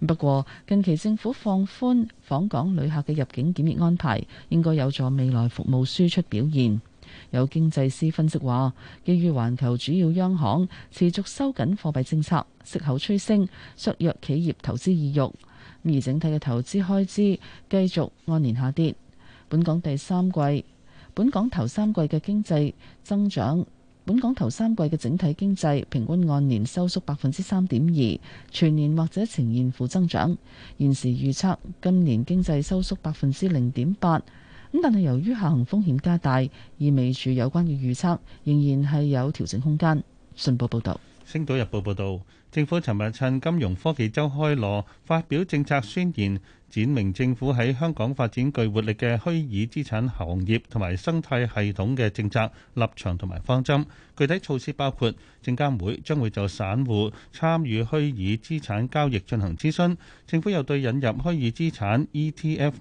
不過，近期政府放寬訪港旅客嘅入境檢疫安排，應該有助未來服務輸出表現。有經濟師分析話：基於環球主要央行持續收緊貨幣政策，息口趨升，削弱企業投資意欲。而整體嘅投資開支繼續按年下跌。本港第三季，本港頭三季嘅經濟增長，本港頭三季嘅整體經濟平均按年收縮百分之三點二，全年或者呈現負增長。現時預測今年經濟收縮百分之零點八。咁但係由於下行風險加大，意味住有關嘅預測仍然係有調整空間。信報報導。《星島日報》報導。政府尋日趁金融科技周開鑼發表政策宣言，展明政府喺香港發展具活力嘅虛擬資產行業同埋生態系統嘅政策立場同埋方針。具體措施包括證監會將會就散戶參與虛擬資產交易進行諮詢，政府又對引入虛擬資產 ETF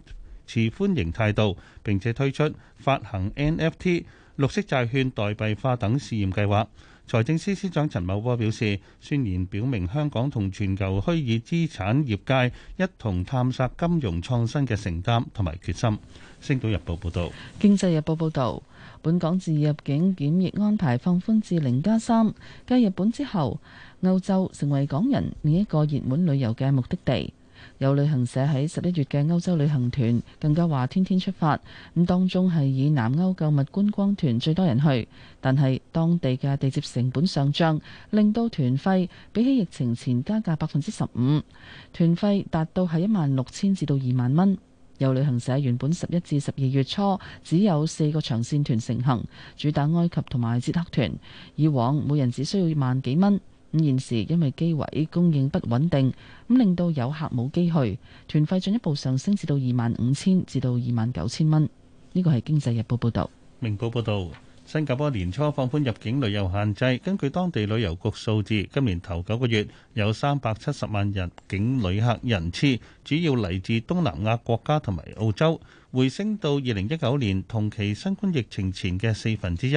持歡迎態度，並且推出發行 NFT 綠色債券代幣化等試驗計劃。財政司司長陳茂波表示，宣言表明香港同全球虛擬資產業界一同探索金融創新嘅承擔同埋決心。星島日報報道。經濟日報報道，本港自入境檢疫安排放寬至零加三，繼日本之後，歐洲成為港人另一個熱門旅遊嘅目的地。有旅行社喺十一月嘅歐洲旅行團更加話天天出發，咁當中係以南歐購物觀光團最多人去，但係當地嘅地接成本上漲，令到團費比起疫情前加價百分之十五，團費達到係一萬六千至到二萬蚊。有旅行社原本十一至十二月初只有四個長線團成行，主打埃及同埋捷克團，以往每人只需要萬幾蚊。咁現時因為機位供應不穩定，咁令到有客冇機去，團費進一步上升至到二萬五千至到二萬九千蚊。呢個係經濟日報報道。明報報道，新加坡年初放寬入境旅遊限制，根據當地旅遊局數字，今年頭九個月有三百七十萬入境旅客人次，主要嚟自東南亞國家同埋澳洲，回升到二零一九年同期新冠疫情前嘅四分之一。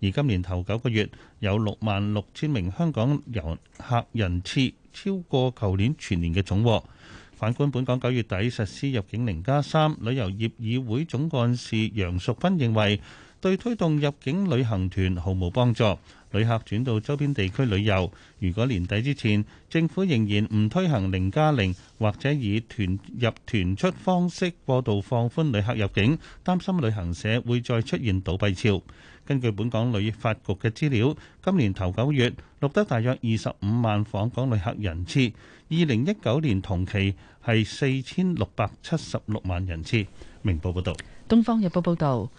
而今年頭九個月有六萬六千名香港遊客人次，超過去年全年嘅總和。反觀本港九月底實施入境零加三，3, 旅遊業議會總幹事楊淑芬認為，對推動入境旅行團毫無幫助，旅客轉到周邊地區旅遊。如果年底之前政府仍然唔推行零加零，0, 或者以團入團出方式過度放寬旅客入境，擔心旅行社會再出現倒閉潮。根據本港旅發局嘅資料，今年頭九月錄得大約二十五萬訪港旅客人次，二零一九年同期係四千六百七十六萬人次。明報報道。東方日報報道。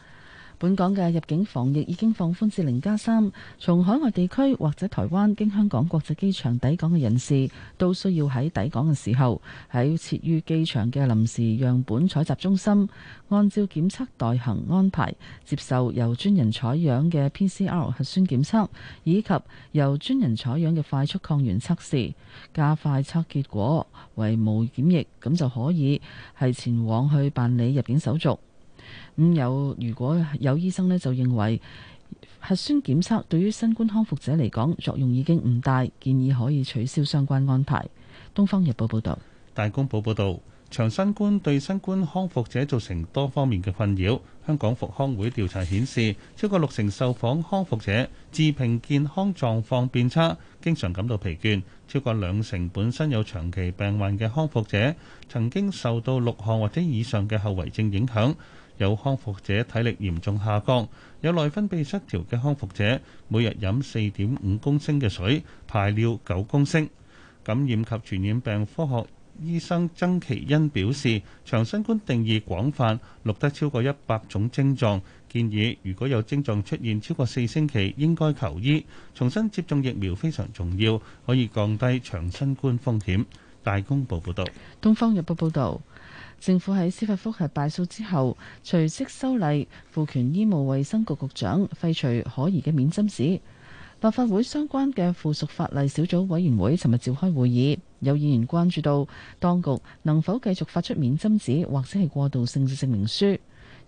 本港嘅入境防疫已經放寬至零加三，3, 從海外地區或者台灣經香港國際機場抵港嘅人士，都需要喺抵港嘅時候，喺設於機場嘅臨時樣本採集中心，按照檢測代行安排，接受由專人採樣嘅 PCR 核酸檢測以及由專人採樣嘅快速抗原測試加快測結果為無檢疫，咁就可以係前往去辦理入境手續。咁有，如果有醫生咧，就認為核酸檢測對於新冠康復者嚟講作用已經唔大，建議可以取消相關安排。《東方日報》報道，《大公報》報道，長新冠對新冠康復者造成多方面嘅困擾。香港復康會調查顯示，超過六成受訪康復者自評健康狀況變差，經常感到疲倦。超過兩成本身有長期病患嘅康復者曾經受到六項或者以上嘅後遺症影響。有康復者體力嚴重下降，有內分泌失調嘅康復者每日飲四點五公升嘅水，排尿九公升。感染及傳染病科學醫生曾祈殷表示，長新冠定義廣泛，錄得超過一百種症狀，建議如果有症狀出現超過四星期，應該求醫。重新接種疫苗非常重要，可以降低長新冠風險。大公報報導，東方日報報導。政府喺司法覆核敗訴之後，隨即修例，賦權醫務衛生局局長廢除可疑嘅免針紙。立法會相關嘅附屬法例小組委員會尋日召開會議，有議員關注到，當局能否繼續發出免針紙，或者係過渡性質證明書。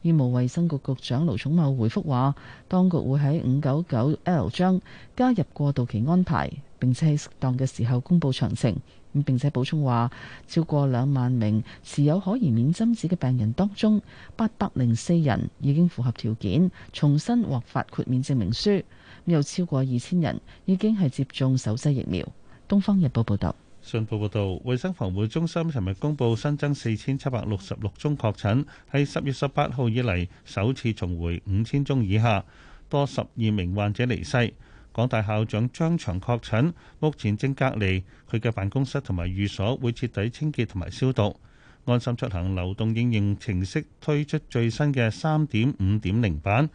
醫務衛生局局長盧寵茂回覆話，當局會喺五九九 L 章加入過渡期安排，並且喺適當嘅時候公佈詳情。咁並且補充話，超過兩萬名持有可疑免針紙嘅病人當中，八百零四人已經符合條件，重新獲發豁免證明書。有超過二千人已經係接種首劑疫苗。《東方日報》報道。《信報》報道，衞生防護中心尋日公佈新增四千七百六十六宗確診，喺十月十八號以嚟首次重回五千宗以下，多十二名患者離世。港大校長張翔確診，目前正隔離。佢嘅辦公室同埋寓所會徹底清潔同埋消毒。安心出行流動應用程式推出最新嘅三點五點零版，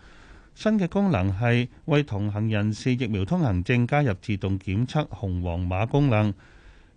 新嘅功能係為同行人士疫苗通行證加入自動檢測紅黃碼功能。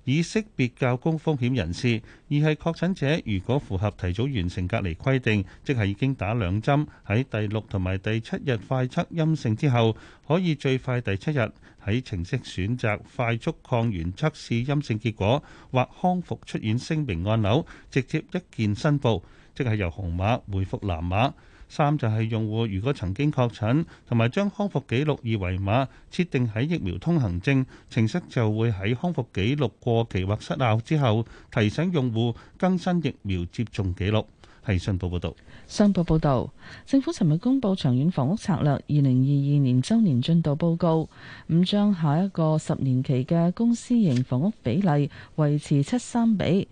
以識別較高風險人士，而係確診者，如果符合提早完成隔離規定，即係已經打兩針，喺第六同埋第七日快測陰性之後，可以最快第七日喺程式選擇快速抗原測試陰性結果或康復出院聲明按鈕，直接一鍵申報，即係由紅碼回覆藍碼。三就係用戶，如果曾經確診，同埋將康復記錄二維碼設定喺疫苗通行證程式，就會喺康復記錄過期或失效之後提醒用戶更新疫苗接種記錄。係信報報導。信報報導，政府尋日公布長遠房屋策略二零二二年周年進度報告，咁將下一個十年期嘅公私型房屋比例維持七三比，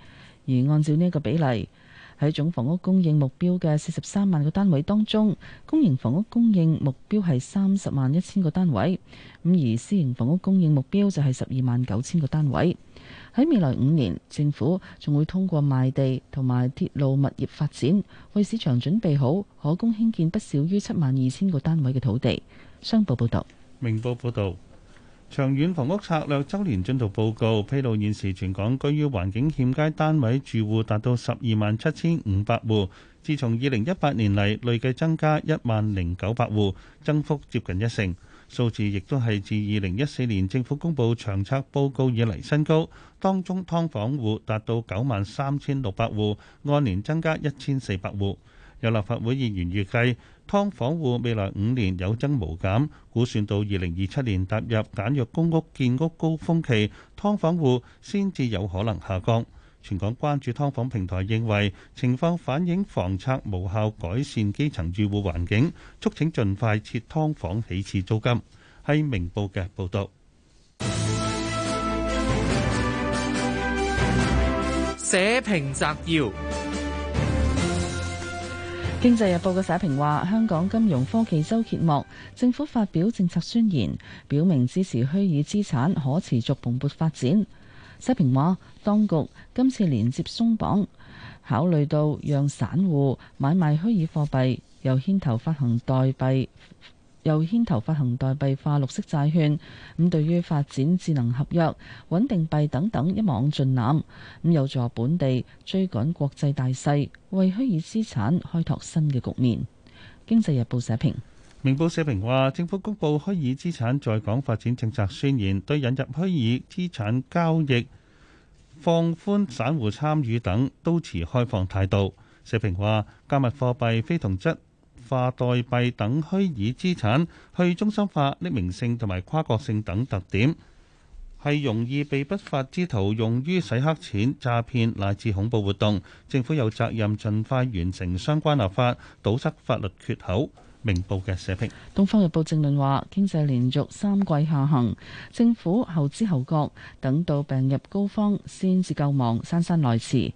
而按照呢個比例。喺總房屋供應目標嘅四十三萬個單位當中，公營房屋供應目標係三十萬一千個單位，咁而私營房屋供應目標就係十二萬九千個單位。喺未來五年，政府仲會通過賣地同埋鐵路物業發展，為市場準備好可供興建不少於七萬二千個單位嘅土地。商報報道，明報報道。長遠房屋策略週年進度報告披露，現時全港居於環境欠佳單位住戶達到十二萬七千五百戶，自從二零一八年嚟累計增加一萬零九百戶，增幅接近一成。數字亦都係自二零一四年政府公布長策報告以嚟新高，當中劏房戶達到九萬三千六百戶，按年增加一千四百戶。有立法會議員預計，劏房戶未來五年有增無減，估算到二零二七年踏入簡約公屋建屋高峯期，劏房戶先至有可能下降。全港關注劏房平台認為情況反映房策無效改善基層住戶環境，促請盡快設劏房起始租金。係明報嘅報導。社評摘要。經濟日報嘅社評話，香港金融科技周揭幕，政府發表政策宣言，表明支持虛擬資產可持續蓬勃發展。社評話，當局今次連接鬆綁，考慮到讓散戶買賣虛擬貨幣，又牽頭發行代幣又牽頭發行代幣化綠色債券，咁對於發展智能合約、穩定幣等等一網盡攬，咁有助本地追趕國際大勢，為虛擬資產開拓新嘅局面。經濟日報社評，明報社評話，政府公布虛擬資產在港發展政策宣言，對引入虛擬資產交易、放寬散戶參與等都持開放態度。社評話，加密貨幣非同質。化代幣等虛擬資產，去中心化、匿名性同埋跨國性等特點，係容易被不法之徒用於洗黑錢、詐騙乃至恐怖活動。政府有責任盡快完成相關立法，堵塞法律缺口。明報嘅社評，《東方日報》正論話：經濟連續三季下行，政府後知後覺，等到病入膏肓先至救亡，姍姍來遲。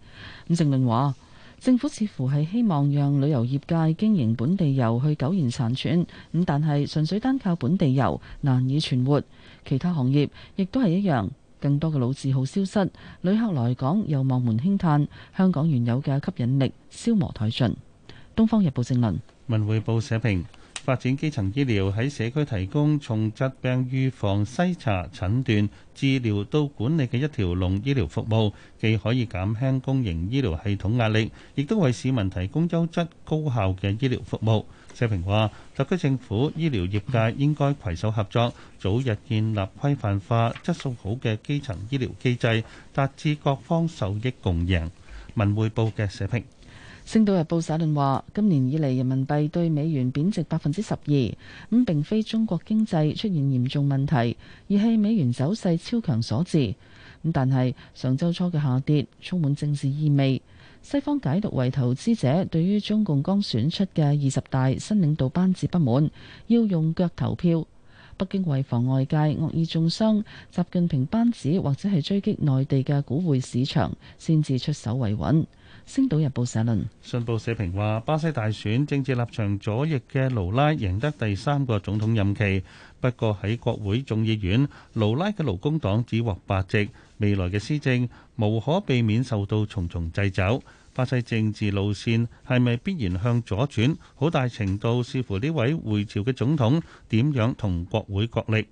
咁正論話。政府似乎係希望讓旅遊業界經營本地遊去苟延殘喘，咁但係純粹單靠本地遊難以存活，其他行業亦都係一樣。更多嘅老字號消失，旅客來港又望門興嘆，香港原有嘅吸引力消磨殆盡。《東方日報正文》正論，《文匯報》社評。發展基層醫療喺社區提供從疾病預防、篩查、診斷、治療到管理嘅一條龍醫療服務，既可以減輕公營醫療系統壓力，亦都為市民提供優質高效嘅醫療服務。社評話：特區政府、醫療業界應該攜手合作，早日建立規範化、質素好嘅基層醫療機制，達至各方受益共贏。文匯報嘅社評。《星島日報》社論話，今年以嚟人民幣對美元貶值百分之十二，咁並非中國經濟出現嚴重問題，而係美元走勢超強所致。咁但係上周初嘅下跌充滿政治意味，西方解讀為投資者對於中共剛選出嘅二十大新領導班子不滿，要用腳投票。北京為防外界惡意中傷習近平班子或者係追擊內地嘅股匯市場，先至出手維穩。《星島日報》社論。信報社評話，巴西大選政治立場左翼嘅盧拉贏得第三個總統任期，不過喺國會眾議院，盧拉嘅勞工黨只獲八席，未來嘅施政無可避免受到重重掣肘。巴西政治路綫係咪必然向左轉？好大程度視乎呢位回朝嘅總統點樣同國會角力。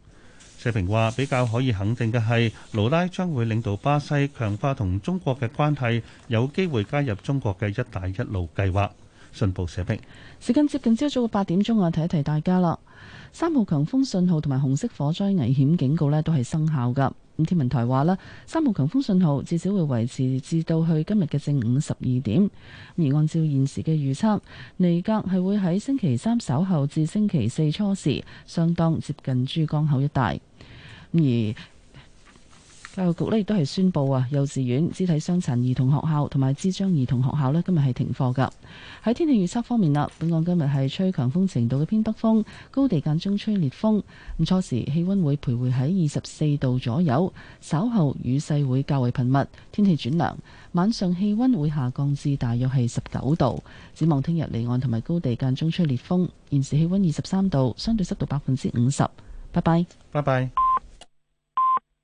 社評話，比較可以肯定嘅係，盧拉將會領導巴西強化同中國嘅關係，有機會加入中國嘅“一帶一路”計劃。信報社評時間接近朝早八點鐘啊，提一提大家啦。三號強風信號同埋紅色火災危險警告呢都係生效噶。咁天文台話呢三號強風信號至少會維持至到去今日嘅正午十二點。而按照現時嘅預測，尼格係會喺星期三稍後至星期四初時，相當接近珠江口一帶。而教育局呢亦都係宣布啊，幼稚園、肢體傷殘兒童學校同埋智障兒童學校咧，今日係停課噶。喺天氣預測方面啦，本港今日係吹強風程度嘅偏北風，高地間中吹烈風。咁初時氣溫會徘徊喺二十四度左右，稍後雨勢會較為頻密，天氣轉涼。晚上氣溫會下降至大約係十九度。展望聽日離岸同埋高地間中吹烈風。現時氣溫二十三度，相對濕度百分之五十。拜拜，拜拜。